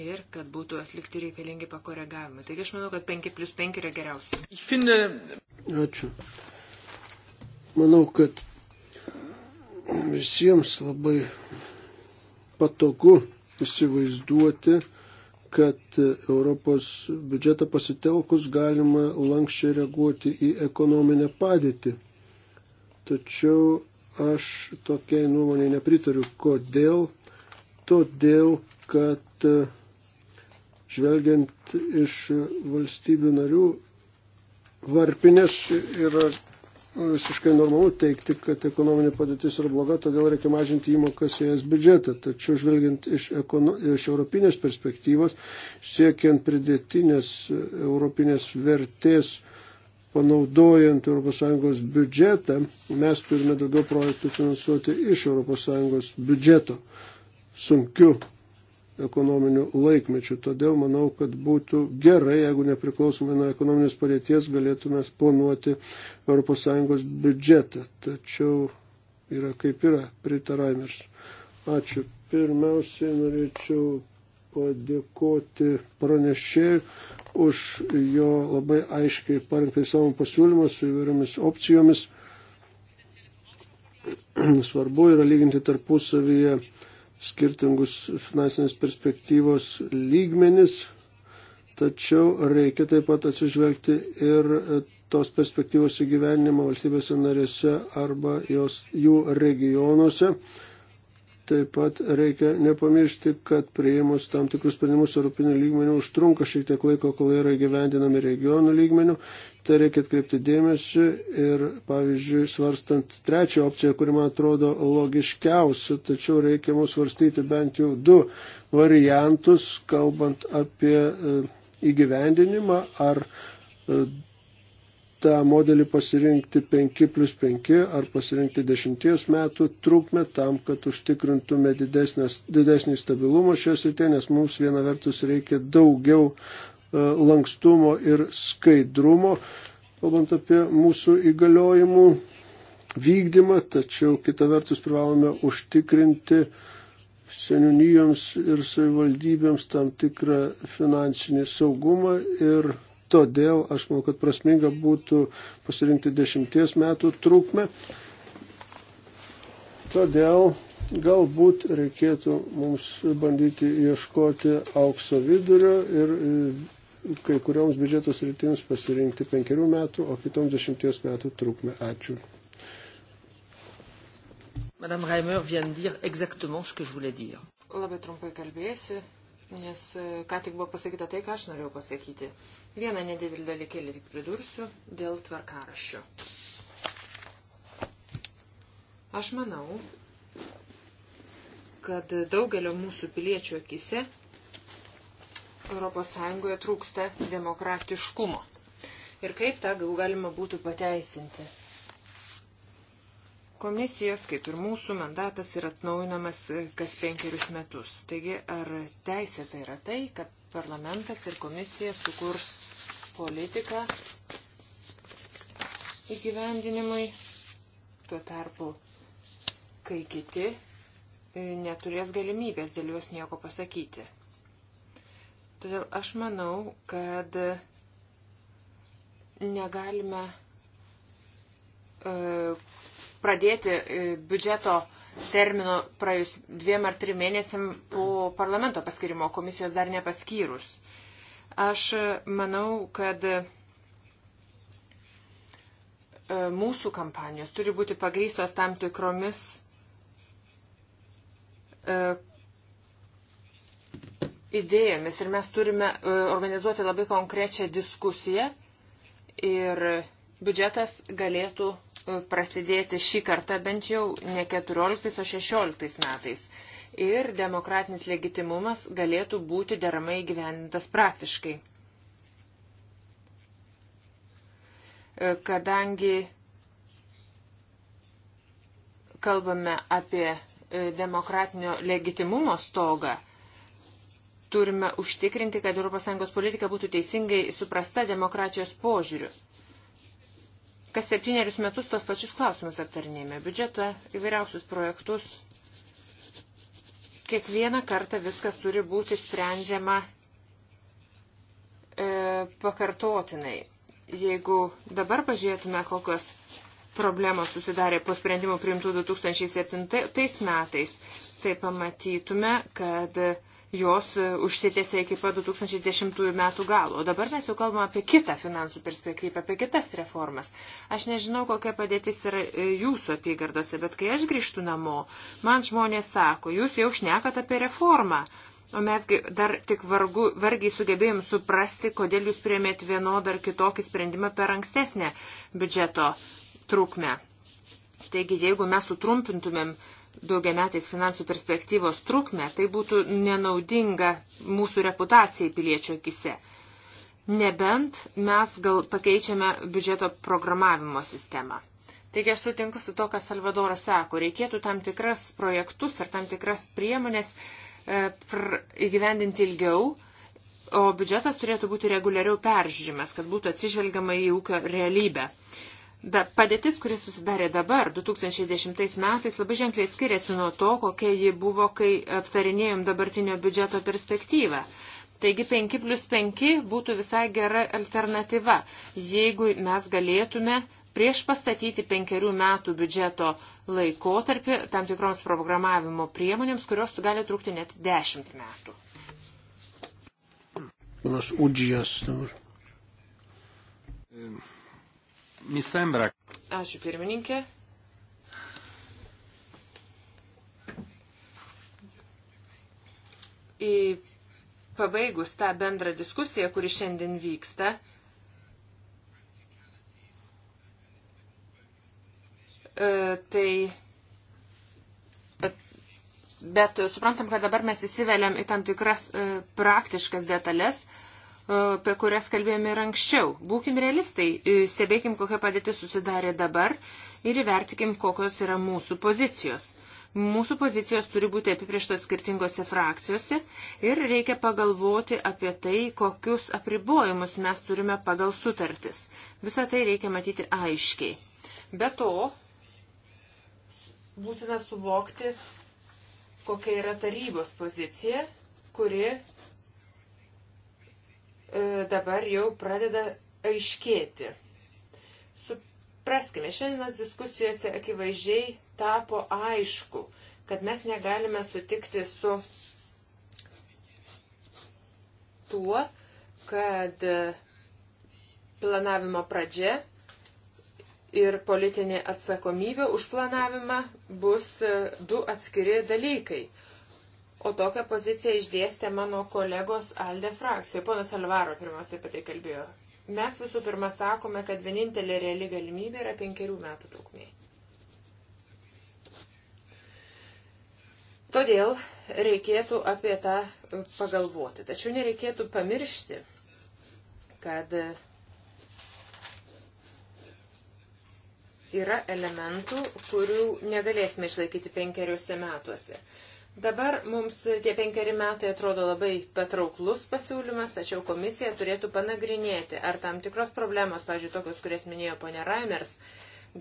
ir kad būtų atlikti reikalingi pakoregavimai. Taigi aš manau, kad 5 plus 5 yra geriausias. Ačiū. Manau, kad visiems labai patogu įsivaizduoti, kad Europos biudžetą pasitelkus galima lankščiai reaguoti į ekonominę padėtį. Tačiau aš tokiai nuomonė nepritariu. Kodėl? Todėl, kad e, žvelgiant iš valstybių narių varpinės yra visiškai normalu teikti, kad ekonominė padėtis yra bloga, todėl reikia mažinti įmokas į es biudžetą. Tačiau žvelgiant iš, ekono, iš europinės perspektyvos, siekiant pridėtinės europinės vertės, panaudojant ES biudžetą, mes turime daugiau projektų finansuoti iš ES biudžeto. Sunkiu ekonominiu laikmečiu. Todėl manau, kad būtų gerai, jeigu nepriklausomai nuo ekonominės padėties galėtume planuoti ES biudžetą. Tačiau yra kaip yra, pritaraimers. Ačiū. Pirmiausiai norėčiau padėkoti pranešėjui už jo labai aiškiai parengtai savo pasiūlymą su įvairiomis opcijomis. Svarbu yra lyginti tarpusavyje skirtingus finansinės perspektyvos lygmenis, tačiau reikia taip pat atsižvelgti ir tos perspektyvos įgyvenimą valstybėse narėse arba jos, jų regionuose. Taip pat reikia nepamiršti, kad prieimus tam tikrus sprendimus Europinių lygmenių užtrunka šiek tiek laiko, kol yra gyvendinami regionų lygmenių. Tai reikia atkreipti dėmesį ir, pavyzdžiui, svarstant trečią opciją, kuri man atrodo logiškiausia, tačiau reikia mūsų svarstyti bent jau du variantus, kalbant apie e, įgyvendinimą ar e, tą modelį pasirinkti 5 plus 5 ar pasirinkti 10 metų trukmę tam, kad užtikrintume didesnės, didesnį stabilumą šioje srityje, nes mums viena vertus reikia daugiau e, lankstumo ir skaidrumo, kalbant apie mūsų įgaliojimų vykdymą, tačiau kita vertus privalome užtikrinti seniūnijoms ir savivaldybėms tam tikrą finansinį saugumą ir Todėl aš manau, kad prasminga būtų pasirinkti dešimties metų trukmę. Todėl galbūt reikėtų mums bandyti ieškoti aukso vidurio ir e, kai kurioms biudžetos rytims pasirinkti penkerių metų, o kitoms dešimties metų trukmę. Ačiū. Madame Reimer vient dire exactement ce que je voulais dire. Labai trumpai kalbėsiu, nes e, ką tik buvo pasakyta tai, ką aš norėjau pasakyti. Uh, Vieną nedidelį dalykėlį tik pridursiu dėl tvarkaraščių. Aš manau, kad daugelio mūsų piliečių akise ES trūksta demokratiškumo. Ir kaip tą gal galima būtų pateisinti? Komisijos, kaip ir mūsų, mandatas yra atnaujinamas kas penkerius metus. Taigi, ar teisė tai yra tai, kad parlamentas ir komisija sukurs politiką įgyvendinimui, tuo tarpu, kai kiti e, neturės galimybės dėl jos nieko pasakyti. Todėl aš manau, kad negalime e, pradėti e, biudžeto termino praėjus dviem ar trim mėnesiam po parlamento paskirimo komisijos dar nepaskyrus. Aš manau, kad e, mūsų kampanijos turi būti pagrystos tam tikromis e, idėjomis ir mes turime e, organizuoti labai konkrečią diskusiją ir biudžetas galėtų prasidėti šį kartą bent jau ne 14, o 16 metais. Ir demokratinis legitimumas galėtų būti deramai gyvenintas praktiškai. E, kadangi kalbame apie e, demokratinio legitimumo stogą, turime užtikrinti, kad ES politika būtų teisingai suprasta demokratijos požiūriu kas septynerius metus tos pačius klausimus aptarinėjame. Biudžetą įvairiausius projektus. Kiekvieną kartą viskas turi būti sprendžiama e, pakartotinai. Jeigu dabar pažiūrėtume, kokios problemos susidarė po sprendimų priimtų 2007 metais, tai pamatytume, kad jos e, užsitėsė iki pat 2010 metų galo. O dabar mes jau kalbame apie kitą finansų perspektyvą, apie kitas reformas. Aš nežinau, kokia padėtis yra e, jūsų apygardose, bet kai aš grįžtu namo, man žmonės sako, jūs jau šnekat apie reformą. O mesgi dar tik vargu, vargiai sugebėjom suprasti, kodėl jūs priemėt vienodą ar kitokį sprendimą per ankstesnę biudžeto trukmę. Taigi, jeigu mes sutrumpintumėm daugiametės finansų perspektyvos trukmę, tai būtų nenaudinga mūsų reputacijai piliečio akise. Nebent mes gal pakeičiame biudžeto programavimo sistemą. Taigi aš sutinku su to, ką Salvadoras sako. Reikėtų tam tikras projektus ar tam tikras priemonės e, pr įgyvendinti ilgiau, o biudžetas turėtų būti reguliariau peržiūrimas, kad būtų atsižvelgiama į ūkio realybę. Uh, Da, padėtis, kuris susidarė dabar, 2010 metais, labai ženkliai skiriasi nuo to, kokia ji buvo, kai aptarinėjom dabartinio biudžeto perspektyvą. Taigi 5 plus 5 būtų visai gera alternatyva, jeigu mes galėtume prieš pastatyti penkerių metų biudžeto laikotarpį tam tikroms programavimo priemonėms, kurios gali trukti net dešimt metų. Panas Udžijas dabar mi sembra. Ačiū pirmininkė. Į pabaigus tą bendrą diskusiją, kuri šiandien vyksta, e, tai e, bet suprantam, kad dabar mes įsiveliam į tam tikras e, praktiškas detalės, apie kurias kalbėjome ir anksčiau. Būkim realistai, e, stebėkim, kokia padėtis susidarė dabar ir įvertikim, kokios yra mūsų pozicijos. Mūsų pozicijos turi būti apiprieštos skirtingose frakcijose ir reikia pagalvoti apie tai, kokius apribojimus mes turime pagal sutartis. Visą tai reikia matyti aiškiai. Be to, būtina suvokti, kokia yra tarybos pozicija, kuri E, dabar jau pradeda aiškėti. Supraskime, šiandienos diskusijose akivaizdžiai tapo aišku, kad mes negalime sutikti su tuo, kad planavimo pradžia ir politinė atsakomybė už planavimą bus du atskiri dalykai. O tokią poziciją išdėstė mano kolegos Alde frakcijoje. Ponas Alvaro pirmiausiai apie tai kalbėjo. Mes visų pirma sakome, kad vienintelė reali galimybė yra penkerių metų trukmė. Todėl reikėtų apie tą pagalvoti. Tačiau nereikėtų pamiršti, kad yra elementų, kurių negalėsime išlaikyti penkeriuose metuose. Dabar mums tie penkeri metai atrodo labai patrauklus pasiūlymas, tačiau komisija turėtų panagrinėti, ar tam tikros problemos, pavyzdžiui, tokios, kurias minėjo ponė Raimers,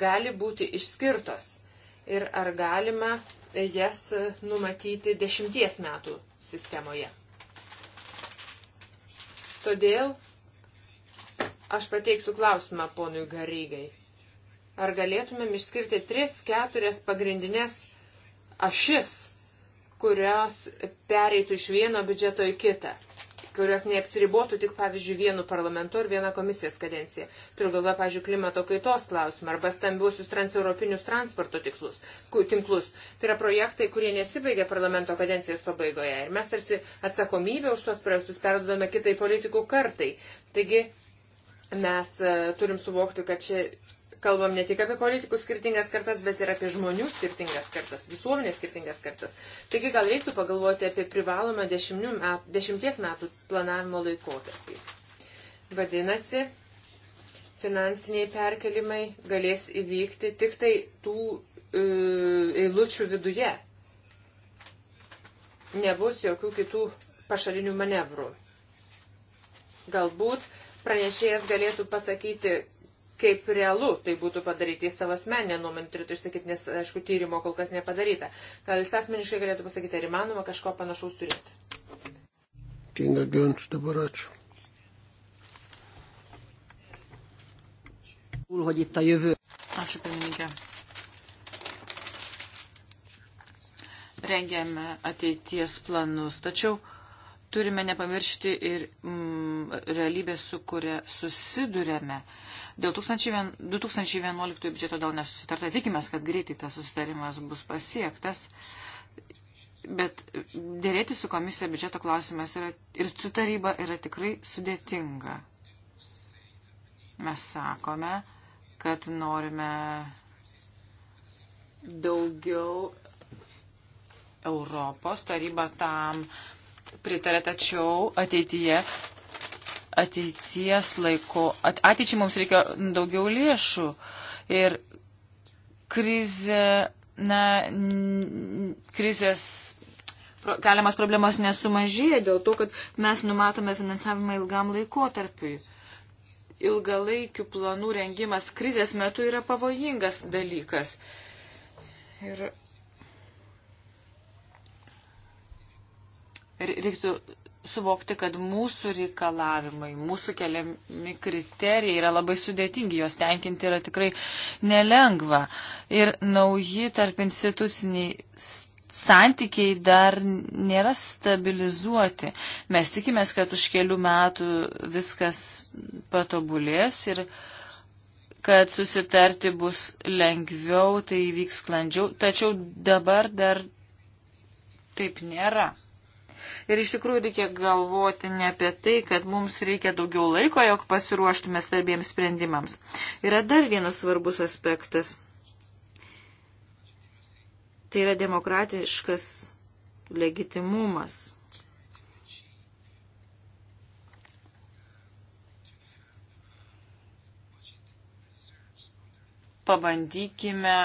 gali būti išskirtos ir ar galima jas numatyti dešimties metų sistemoje. Todėl aš pateiksiu klausimą ponui Garygai. Ar galėtumėm išskirti tris, keturias pagrindinės ašis kurios pereitų iš vieno biudžeto į kitą kurios neapsiribotų tik, pavyzdžiui, vienu parlamentu ir vieną komisijos kadenciją. Turiu galvoje, pavyzdžiui, klimato kaitos klausimą arba stambiuosius transeuropinius transporto tikslus, tinklus. Tai yra projektai, kurie nesibaigia parlamento kadencijos pabaigoje. Ir mes tarsi atsakomybę už tos projektus perdodame kitai politikų kartai. Taigi mes e, turim suvokti, kad čia kalbam ne tik apie politikų skirtingas kartas, bet ir apie žmonių skirtingas kartas, visuomenės skirtingas kartas. Taigi gal reiktų pagalvoti apie privalomą metų, dešimties metų planavimo laikotarpį. Vadinasi, finansiniai perkelimai galės įvykti tik tai tų e, eilučių viduje. Nebus jokių kitų pašalinių manevrų. Galbūt pranešėjas galėtų pasakyti, kaip realu tai būtų padaryti į savo asmeninę nuomonę, turėtų išsakyti, nes, aišku, tyrimo kol kas nepadaryta. Gal jis asmeniškai galėtų pasakyti, ar įmanoma kažko panašaus turėti? Kinga Gönč, dabar ačiū. Ačiū, pirmininkė. Rengėme ateities planus, tačiau turime nepamiršti ir mm, realybės, su kuria susidurėme. Dėl 2011 biudžeto dėl nesusitarta, tikimės, kad greitai tas susitarimas bus pasiektas, bet dėrėti su komisija biudžeto klausimas yra, ir su taryba yra tikrai sudėtinga. Mes sakome, kad norime daugiau Europos taryba tam pritarė, tačiau ateityje, ateities laiko, ateičiai mums reikia daugiau lėšų. Ir krizė, na, krizės keliamas problemas nesumažėja dėl to, kad mes numatome finansavimą ilgam laikotarpiui. Ilgalaikių planų rengimas krizės metu yra pavojingas dalykas. Ir reiktų suvokti, kad mūsų reikalavimai, mūsų keliami kriterijai yra labai sudėtingi, juos tenkinti yra tikrai nelengva. Ir nauji tarp instituciniai santykiai dar nėra stabilizuoti. Mes tikimės, kad už kelių metų viskas patobulės ir kad susitarti bus lengviau, tai vyks sklandžiau, tačiau dabar dar taip nėra. Ir iš tikrųjų reikia galvoti ne apie tai, kad mums reikia daugiau laiko, jog pasiruoštume svarbiems sprendimams. Yra dar vienas svarbus aspektas. Tai yra demokratiškas legitimumas. Pabandykime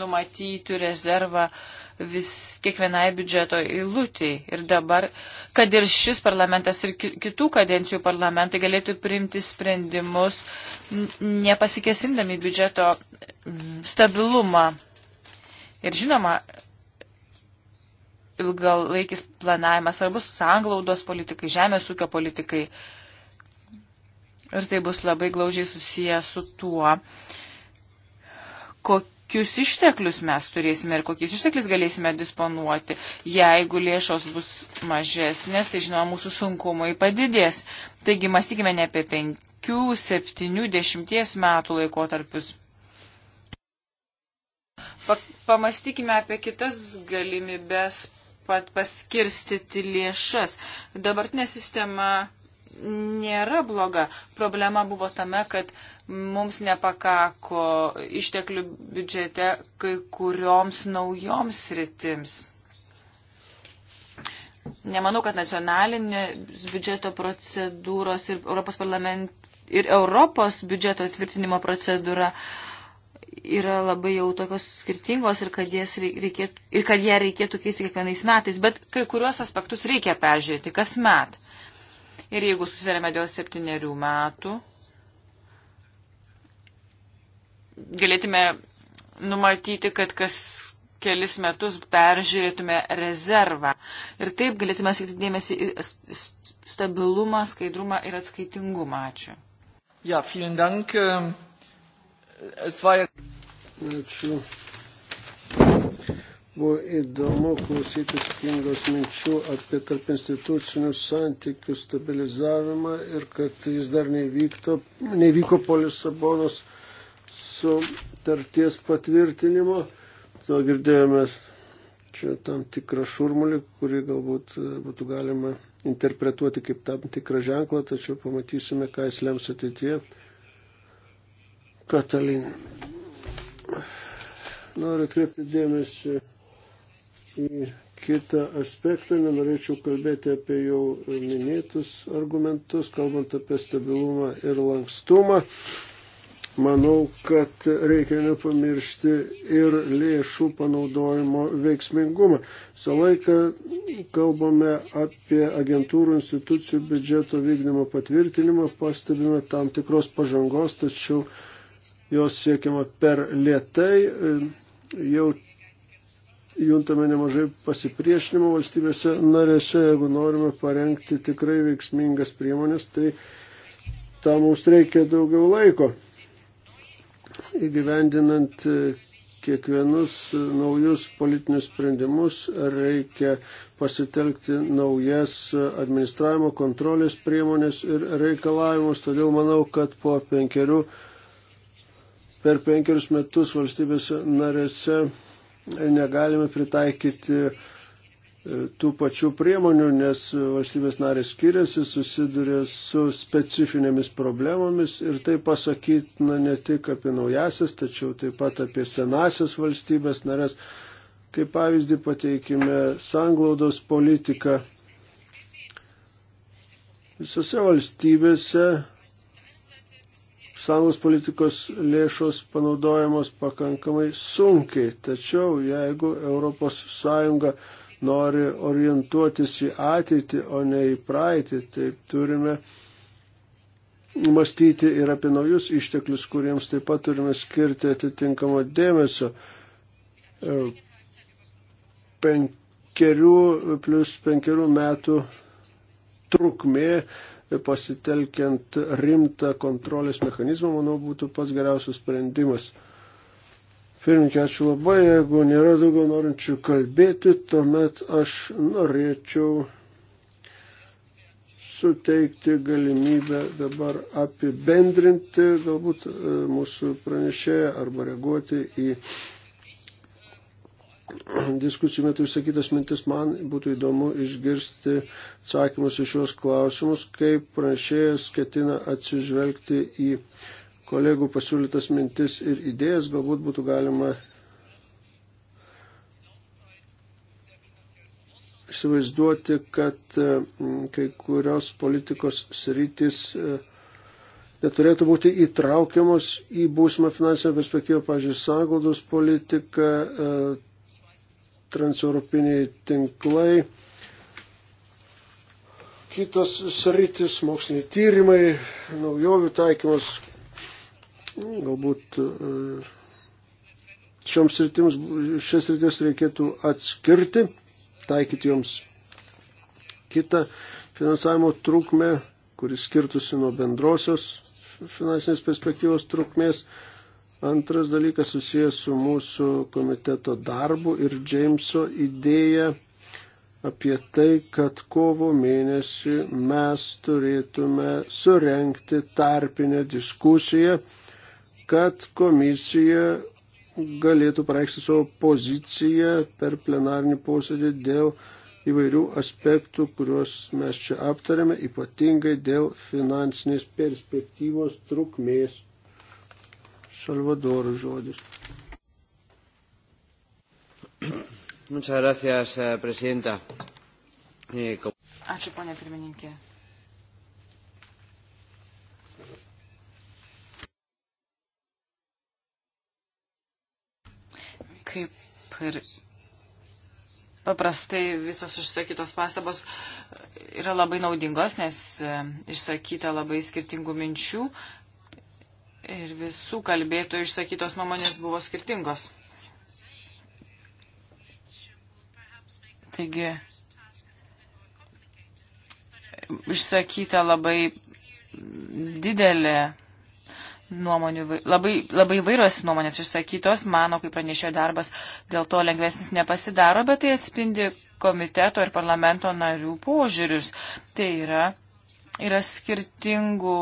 numatyti rezervą uh, vis kiekvienai biudžeto eilutėj. Ir dabar, kad ir šis parlamentas ir kitų kadencijų parlamentai galėtų priimti sprendimus, nepasikesindami biudžeto stabilumą. Ir žinoma, ilgalaikis planavimas svarbus sanglaudos politikai, žemės ūkio politikai. Ir tai bus labai glaudžiai susijęs su tuo, kokie kokius išteklius mes turėsime ir kokiais išteklius galėsime disponuoti. Jeigu lėšos bus mažesnės, tai žinoma, mūsų sunkumai padidės. Taigi mąstykime ne apie 5, 7, 10 metų laikotarpius. Pa pamastykime apie kitas galimybės pat paskirstyti lėšas. Dabartinė sistema nėra bloga. Problema buvo tame, kad uh, mums nepakako išteklių biudžete kai kurioms naujoms sritims. Nemanau, kad nacionalinės biudžeto procedūros ir Europos, ir Europos biudžeto tvirtinimo procedūra yra labai jau tokios skirtingos ir kad, reikėtų, ir kad ją reikėtų keisti kiekvienais metais, bet kai kuriuos aspektus reikia peržiūrėti kasmet. Ir jeigu susirėmė dėl septyniarių metų, galėtume numatyti, kad kas kelis metus peržiūrėtume rezervą. Ir taip galėtume sakyti dėmesį į stabilumą, skaidrumą ir atskaitingumą. Ačiū. Ja, vielen Dank. Ähm, es war... Ačiū. Buvo įdomu klausytis Kingos minčių apie tarp institucinius santykių stabilizavimą ir kad jis dar nevyko, nevyko po Lisabonos sutarties patvirtinimo. To girdėjome čia tam tikrą šurmulį, kurį galbūt e, būtų galima interpretuoti kaip tam tikrą ženklą, tačiau pamatysime, ką jis lems ateityje. Katalin. Noriu atkreipti dėmesį į kitą aspektą, nenorėčiau kalbėti apie jau minėtus argumentus, kalbant apie stabilumą ir lankstumą. Manau, kad reikia nepamiršti ir lėšų panaudojimo veiksmingumą. Visą laiką kalbame apie agentūrų institucijų biudžeto vykdymo patvirtinimą, pastebime tam tikros pažangos, tačiau jos siekiama per lietai. Jau juntame nemažai pasipriešinimo valstybėse narėse, jeigu norime parengti tikrai veiksmingas priemonės, tai tam mums reikia daugiau laiko įgyvendinant e, kiekvienus e, naujus politinius sprendimus reikia pasitelkti naujas e, administravimo kontrolės priemonės ir reikalavimus. Todėl manau, kad po penkerių, per penkerius metus valstybės narėse negalime pritaikyti E, tų pačių priemonių, nes valstybės narės skiriasi, susiduria su specifinėmis problemomis ir tai pasakytina ne tik apie naujasias, tačiau taip pat apie senasias valstybės narės. Kaip pavyzdį pateikime sanglaudos politiką. Visose valstybėse sąjungos politikos lėšos panaudojamos pakankamai sunkiai, tačiau jeigu ES nori orientuotis į ateitį, o ne į praeitį. Taip turime mąstyti ir apie naujus išteklius, kuriems taip pat turime skirti atitinkamo dėmesio. E, penkerių plus penkerių metų trukmė e, pasitelkiant rimtą kontrolės mechanizmą, manau, būtų pats geriausias sprendimas. Pirmininkė, ačiū labai. Jeigu nėra daugiau norinčių kalbėti, tuomet aš norėčiau suteikti galimybę dabar apibendrinti galbūt e, mūsų pranešėją arba reaguoti į diskusijų metu išsakytas mintis. Man būtų įdomu išgirsti atsakymus iš juos klausimus, kaip pranešėjas ketina atsižvelgti į kolegų pasiūlytas mintis ir idėjas, galbūt būtų galima įsivaizduoti, kad mm, kai kurios politikos sritis e, neturėtų būti įtraukiamos į būsimą finansinę perspektyvą, pavyzdžiui, sągaudos politika, e, transeuropiniai tinklai, kitos sritis, moksliniai tyrimai, naujovių taikymas, Galbūt e, šioms sritims, šias sritis reikėtų atskirti, taikyti joms kitą finansavimo trukmę, kuris skirtusi nuo bendrosios finansinės perspektyvos trukmės. Antras dalykas susijęs su mūsų komiteto darbu ir Džeimso idėja apie tai, kad kovo mėnesį mes turėtume surenkti tarpinę diskusiją kad komisija galėtų pareikšti savo poziciją per plenarnį posėdį dėl įvairių aspektų, kuriuos mes čia aptarėme, ypatingai dėl finansinės perspektyvos trukmės. Salvadorų žodis. Muchas gracias, eh, presidenta. Eh, Ačiū, ponė pirmininkė. Kaip ir paprastai visos išsakytos pastabos yra labai naudingos, nes e, išsakyta labai skirtingų minčių ir visų kalbėtojų išsakytos nuomonės buvo skirtingos. Taigi, išsakyta labai didelė nuomonių, labai, labai vairios nuomonės išsakytos, mano, kaip pranešėjo darbas, dėl to lengvesnis nepasidaro, bet tai atspindi komiteto ir parlamento narių požiūrius. Tai yra, yra skirtingų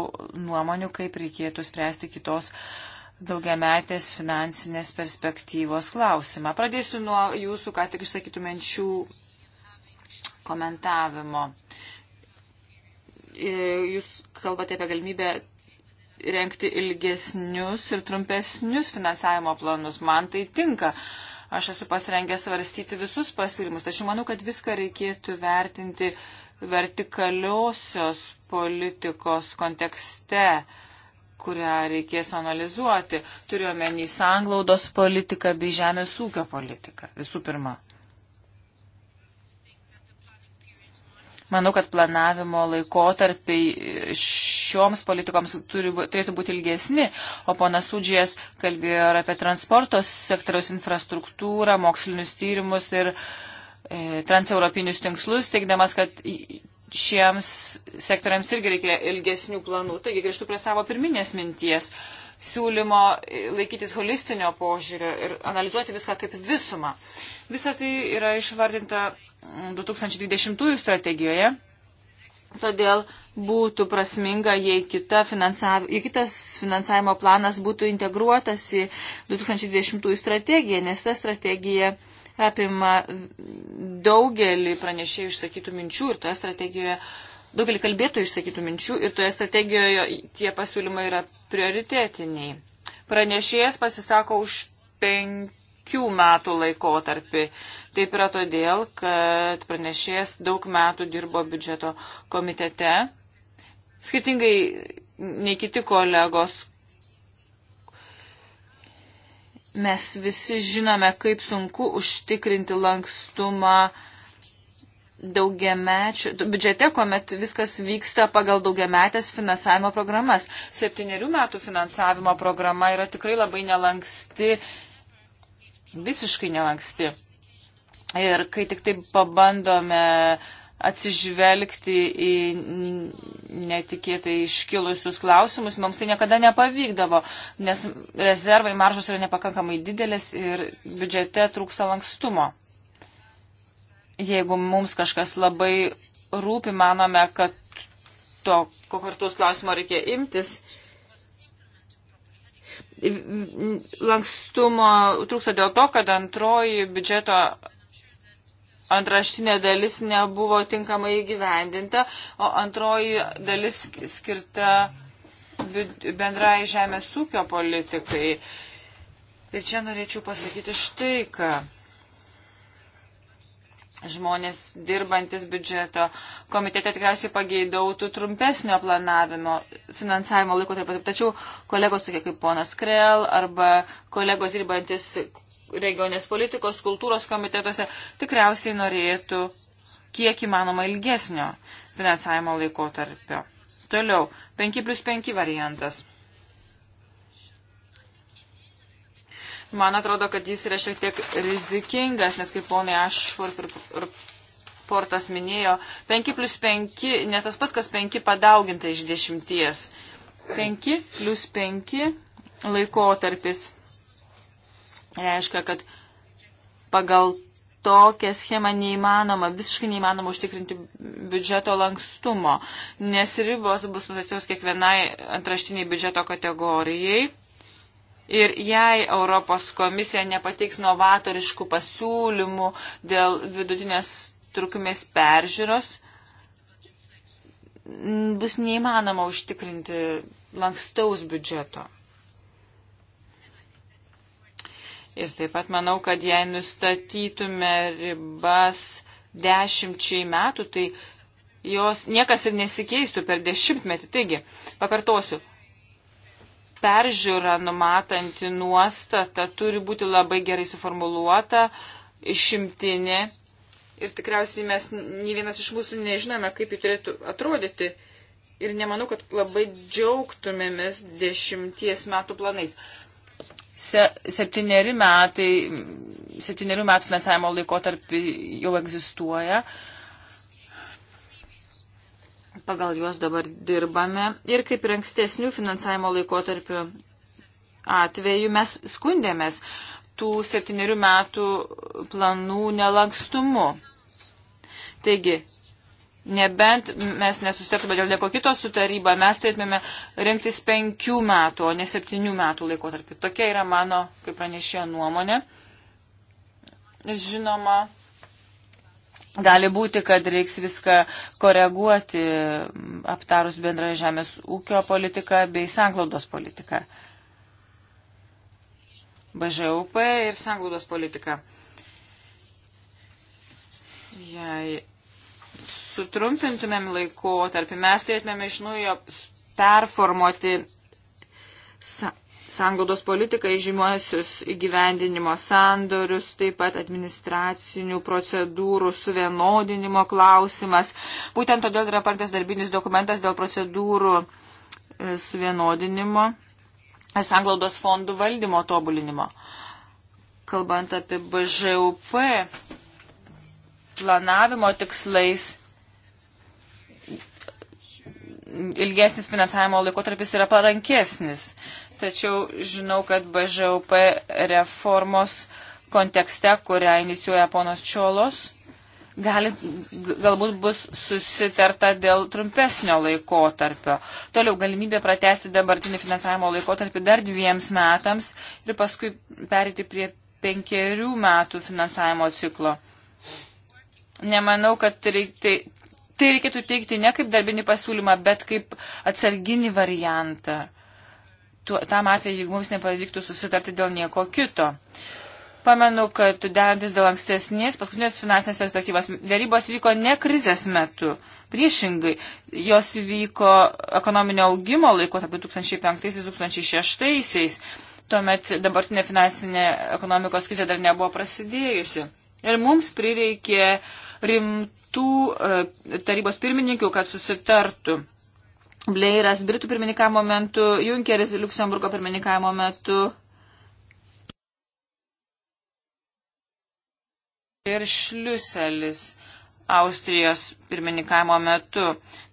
nuomonių, kaip reikėtų spręsti kitos daugiametės finansinės perspektyvos klausimą. Pradėsiu nuo jūsų, ką tik išsakytų minčių komentavimo. E, jūs kalbate apie galimybę renkti ilgesnius ir trumpesnius finansavimo planus. Man tai tinka. Aš esu pasirengęs svarstyti visus pasiūlymus, tačiau manau, kad viską reikėtų vertinti vertikaliosios politikos kontekste, kurią reikės analizuoti. Turiuomenį sanglaudos politiką bei žemės ūkio politiką visų pirma. Manau, kad planavimo laikotarpiai šioms politikoms turi, turėtų būti ilgesni, o ponas Sudžijas kalbėjo ir apie transporto sektoriaus infrastruktūrą, mokslinius tyrimus ir e, transeuropinius tinkslus, teikdamas, kad šiems sektoriams irgi reikia ilgesnių planų. Taigi grįžtu prie savo pirminės minties siūlymo e, laikytis holistinio požiūrio ir analizuoti viską kaip visumą. Visa tai yra išvardinta 2020 strategijoje. Todėl būtų prasminga, jei kita finansav... kitas finansavimo planas būtų integruotas į 2020 strategiją, nes ta strategija apima daugelį pranešėjų išsakytų minčių ir toje strategijoje, daugelį kalbėtojų išsakytų minčių ir toje strategijoje tie pasiūlymai yra prioritetiniai. Pranešėjas pasisako už penkių penkių metų laikotarpį. Taip yra todėl, kad pranešėjas daug metų dirbo biudžeto komitete. Skirtingai nei kiti kolegos, mes visi žinome, kaip sunku užtikrinti lankstumą daugiamečio biudžete, kuomet viskas vyksta pagal daugiametės finansavimo programas. Septyniarių metų finansavimo programa yra tikrai labai nelanksti visiškai nelanksti. Ir kai tik tai pabandome atsižvelgti į netikėtai iškilusius klausimus, mums tai niekada nepavykdavo, nes rezervai maržos yra nepakankamai didelės ir biudžete trūksa lankstumo. Jeigu mums kažkas labai rūpi, manome, kad to konkretaus klausimo reikia imtis Lankstumo trūksta dėl to, kad antroji biudžeto antraštinė dalis nebuvo tinkamai įgyvendinta, o antroji dalis skirta bendrai žemės ūkio politikai. Ir čia norėčiau pasakyti štai ką žmonės dirbantis biudžeto komitete tikriausiai pageidautų trumpesnio planavimo finansavimo laiko taip pat. Tačiau kolegos tokie kaip ponas Krell arba kolegos dirbantis regionės politikos, kultūros komitetuose tikriausiai norėtų kiek įmanoma ilgesnio finansavimo laikotarpio. Toliau, 5 plus 5 variantas. Man atrodo, kad jis yra šiek tiek rizikingas, nes kaip ponai Ašford ir, ir Portas minėjo, 5 plus 5, ne tas pats, kas 5 padauginta iš 10. 5 plus 5 laikotarpis reiškia, kad pagal tokią schemą neįmanoma, visiškai neįmanoma užtikrinti biudžeto lankstumo, nes ribos bus nustatytos kiekvienai antraštiniai biudžeto kategorijai Ir jei Europos komisija nepateiks novatoriškų pasiūlymų dėl vidutinės trukmės peržiūros, bus neįmanoma užtikrinti lankstaus biudžeto. Ir taip pat manau, kad jei nustatytume ribas dešimčiai metų, tai jos niekas ir nesikeistų per dešimtmetį. Taigi, pakartosiu, peržiūra numatanti nuostata turi būti labai gerai suformuluota, išimtinė. Ir tikriausiai mes, nei vienas iš mūsų nežinome, kaip ji turėtų atrodyti. Ir nemanau, kad labai džiaugtumėmės dešimties metų planais. Se, septyneri metai, septynerių metų finansavimo laikotarpį jau egzistuoja. Uh, pagal juos dabar dirbame ir kaip ir ankstesnių finansavimo laikotarpių atveju mes skundėmės tų septyniarių metų planų nelankstumu. Taigi, nebent mes nesusitartume dėl nieko kito su taryba, mes turėtume rinktis penkių metų, o ne septynių metų laikotarpį. Tokia yra mano, kaip pranešėjo, nuomonė. Žinoma, Gali būti, kad reiks viską koreguoti, aptarus bendrą žemės ūkio politiką bei sanglaudos politiką. BŽUP ir sanglaudos politika. Jei sutrumpintumėm laiko tarp, mes turėtumėm iš naujo performuoti sa sangodos politiką įžymuosius įgyvendinimo sandorius, taip pat administracinių procedūrų suvienodinimo klausimas. Būtent todėl yra parengtas darbinis dokumentas dėl procedūrų e, suvienodinimo ir e, sanglaudos fondų valdymo tobulinimo. Kalbant apie BŽUP planavimo tikslais, ilgesnis finansavimo laikotarpis yra parankesnis tačiau žinau, kad BŽUP reformos kontekste, kurią inicijuoja ponas Čiolos, gali, galbūt bus susitarta dėl trumpesnio laikotarpio. Toliau galimybė pratesti dabartinį finansavimo laikotarpį dar dviems metams ir paskui perėti prie penkerių metų finansavimo ciklo. Nemanau, kad tai, tai reikėtų teikti ne kaip darbinį pasiūlymą, bet kaip atsarginį variantą tu, tam atveju, jeigu mums nepavyktų susitarti dėl nieko kito. Pamenu, kad derantis dėl ankstesnės, paskutinės finansinės perspektyvos, dėrybos vyko ne krizės metu, priešingai, jos vyko ekonominio augimo laiko, tarp 2005-2006, tuomet dabartinė finansinė ekonomikos krizė dar nebuvo prasidėjusi. Ir mums prireikė rimtų e, tarybos pirmininkių, kad susitartų. Blairas Britų pirmininkavimo metu, Junkeris Luxemburgo pirmininkavimo metu. Ir Šliuselis Austrijos pirmininkavimo metu.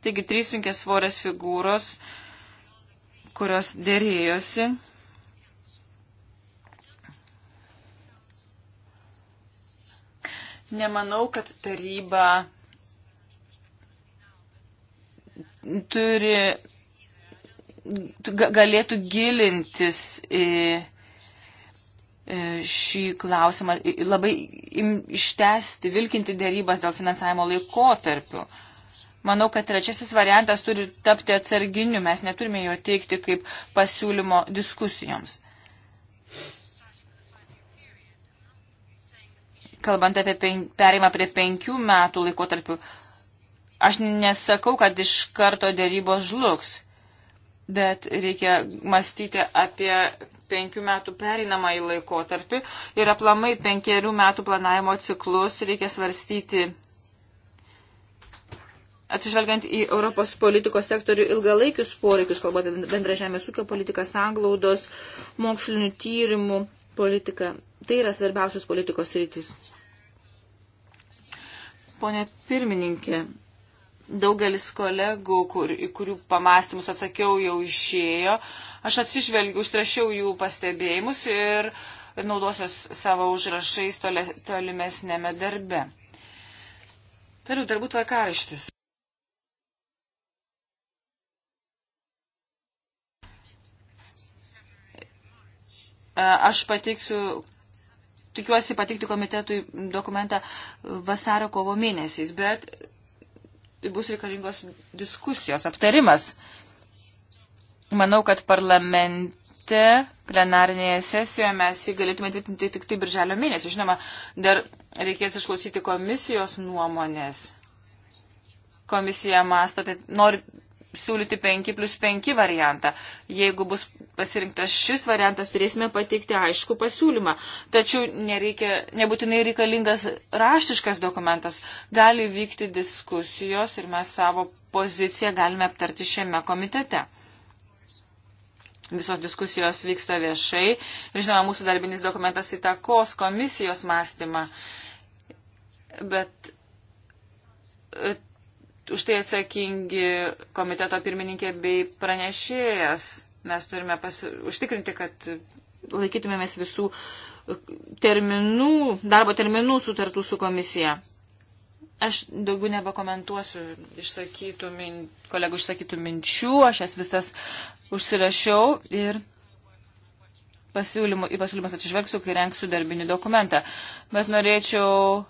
Taigi trys sunkės svorės figūros, kurios dėrėjosi. Nemanau, kad taryba turi, galėtų gilintis į šį klausimą, labai ištesti, vilkinti dėrybas dėl finansavimo laikotarpių. Manau, kad trečiasis variantas turi tapti atsarginiu, mes neturime jo teikti kaip pasiūlymo diskusijoms. Kalbant apie perim, perimą prie penkių metų laikotarpių, Aš nesakau, kad iš karto dėrybos žlugs, bet reikia mąstyti apie penkių metų pereinamąjį laikotarpį ir aplamai penkerių metų planavimo ciklus reikia svarstyti atsižvelgiant į Europos politikos sektorių ilgalaikius poreikius, kalbant apie bendrą žemės ūkio politiką, sanglaudos, mokslinių tyrimų politiką. Tai yra svarbiausios politikos rytis. Pone pirmininkė, Daugelis kolegų, kur, kurių pamastymus atsakiau, jau išėjo. Aš atsižvelgiu, užrašiau jų pastebėjimus ir naudosios savo užrašais tole, tolimesnėme darbe. Toliau darbų tvarkaraštis. E, aš pateiksiu tikiuosi patikti komitetui dokumentą vasario kovo mėnesiais, bet bus reikalingos diskusijos, aptarimas. Manau, kad parlamente plenarinėje sesijoje mes jį galėtume tvirtinti tik tai birželio mėnesį. Žinoma, dar reikės išklausyti komisijos nuomonės. Komisija masto, apie, nori siūlyti 5 plus 5 variantą. Jeigu bus pasirinktas šis variantas, turėsime pateikti aišku pasiūlymą. Tačiau nereikia, nebūtinai reikalingas raštiškas dokumentas. Gali vykti diskusijos ir mes savo poziciją galime aptarti šiame komitete. Visos diskusijos vyksta viešai ir žinoma, mūsų darbinis dokumentas įtakos komisijos mąstymą. Bet už tai atsakingi komiteto pirmininkė bei pranešėjas. Mes turime pasi... užtikrinti, kad laikytumėmės visų e, terminų, darbo terminų sutartų su komisija. Aš daugiau nebekomentuosiu išsakytų min, kolegų išsakytų minčių, aš jas visas užsirašiau ir pasiūlymų, į pasiūlymas atsižvelgsiu, kai renksiu darbinį dokumentą. Bet norėčiau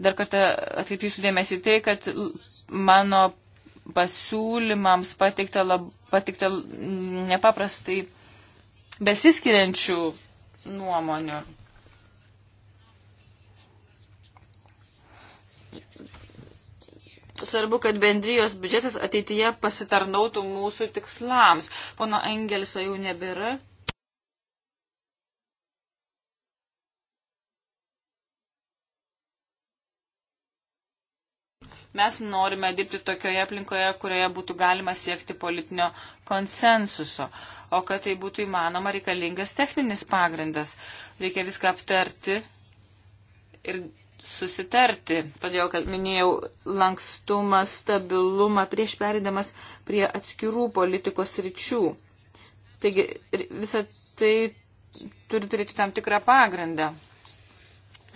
Dar kartą atkreipiu jūsų dėmesį tai, kad mano pasiūlymams pateikta, lab, pateikta nepaprastai besiskiriančių nuomonių. Svarbu, kad bendrijos biudžetas ateityje pasitarnautų mūsų tikslams. Pono Engelso jau nebėra, Mes norime dirbti tokioje aplinkoje, kurioje būtų galima siekti politinio konsensuso. O kad tai būtų įmanoma, reikalingas techninis pagrindas. Reikia viską aptarti ir susitarti. Todėl, kad minėjau lankstumą, stabilumą prieš perėdamas prie atskirų politikos ryčių. Taigi visą tai turi turėti tam tikrą pagrindą.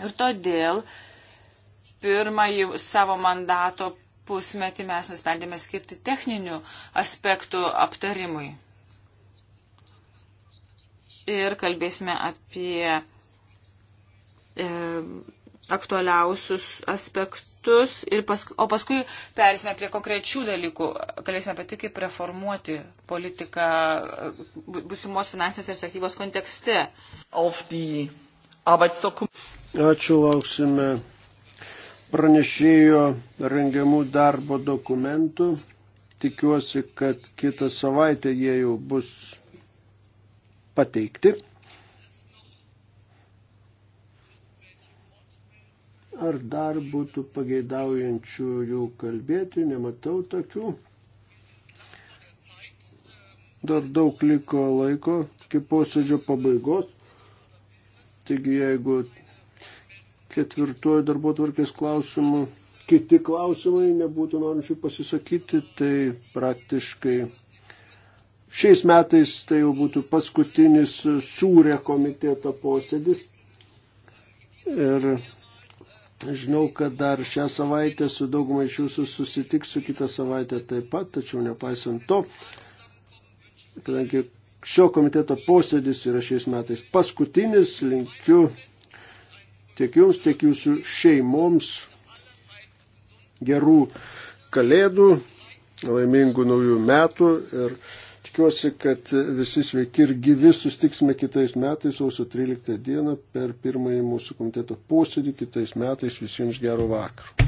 Ir todėl pirmąjį savo mandato pusmetį mes nusprendėme skirti techninių aspektų aptarimui. Ir kalbėsime apie e, aktualiausius aspektus, pas, o paskui persime prie konkrečių dalykų. Kalbėsime apie tai, kaip reformuoti politiką e, busimos finansinės perspektyvos kontekste. Ačiū, lauksime pranešėjo rengiamų darbo dokumentų. Tikiuosi, kad kitą savaitę jie jau bus pateikti. Ar dar būtų pageidaujančių jų kalbėti, nematau tokių. Dar daug liko laiko iki posėdžio pabaigos. Taigi, jeigu ketvirtuoju darbo tvarkės klausimu. Kiti klausimai nebūtų norinčių pasisakyti, tai praktiškai šiais metais tai jau būtų paskutinis sūrė komiteto posėdis. Ir žinau, kad dar šią savaitę su daugumai iš jūsų susitiksiu, kitą savaitę taip pat, tačiau nepaisant to, kadangi šio komiteto posėdis yra šiais metais paskutinis, linkiu tiek jums, tiek jūsų šeimoms gerų kalėdų, laimingų naujų metų ir tikiuosi, kad visi sveiki ir gyvi sustiksime kitais metais, sausio 13 dieną per pirmąjį mūsų komiteto posėdį, kitais metais visiems gerų vakarų.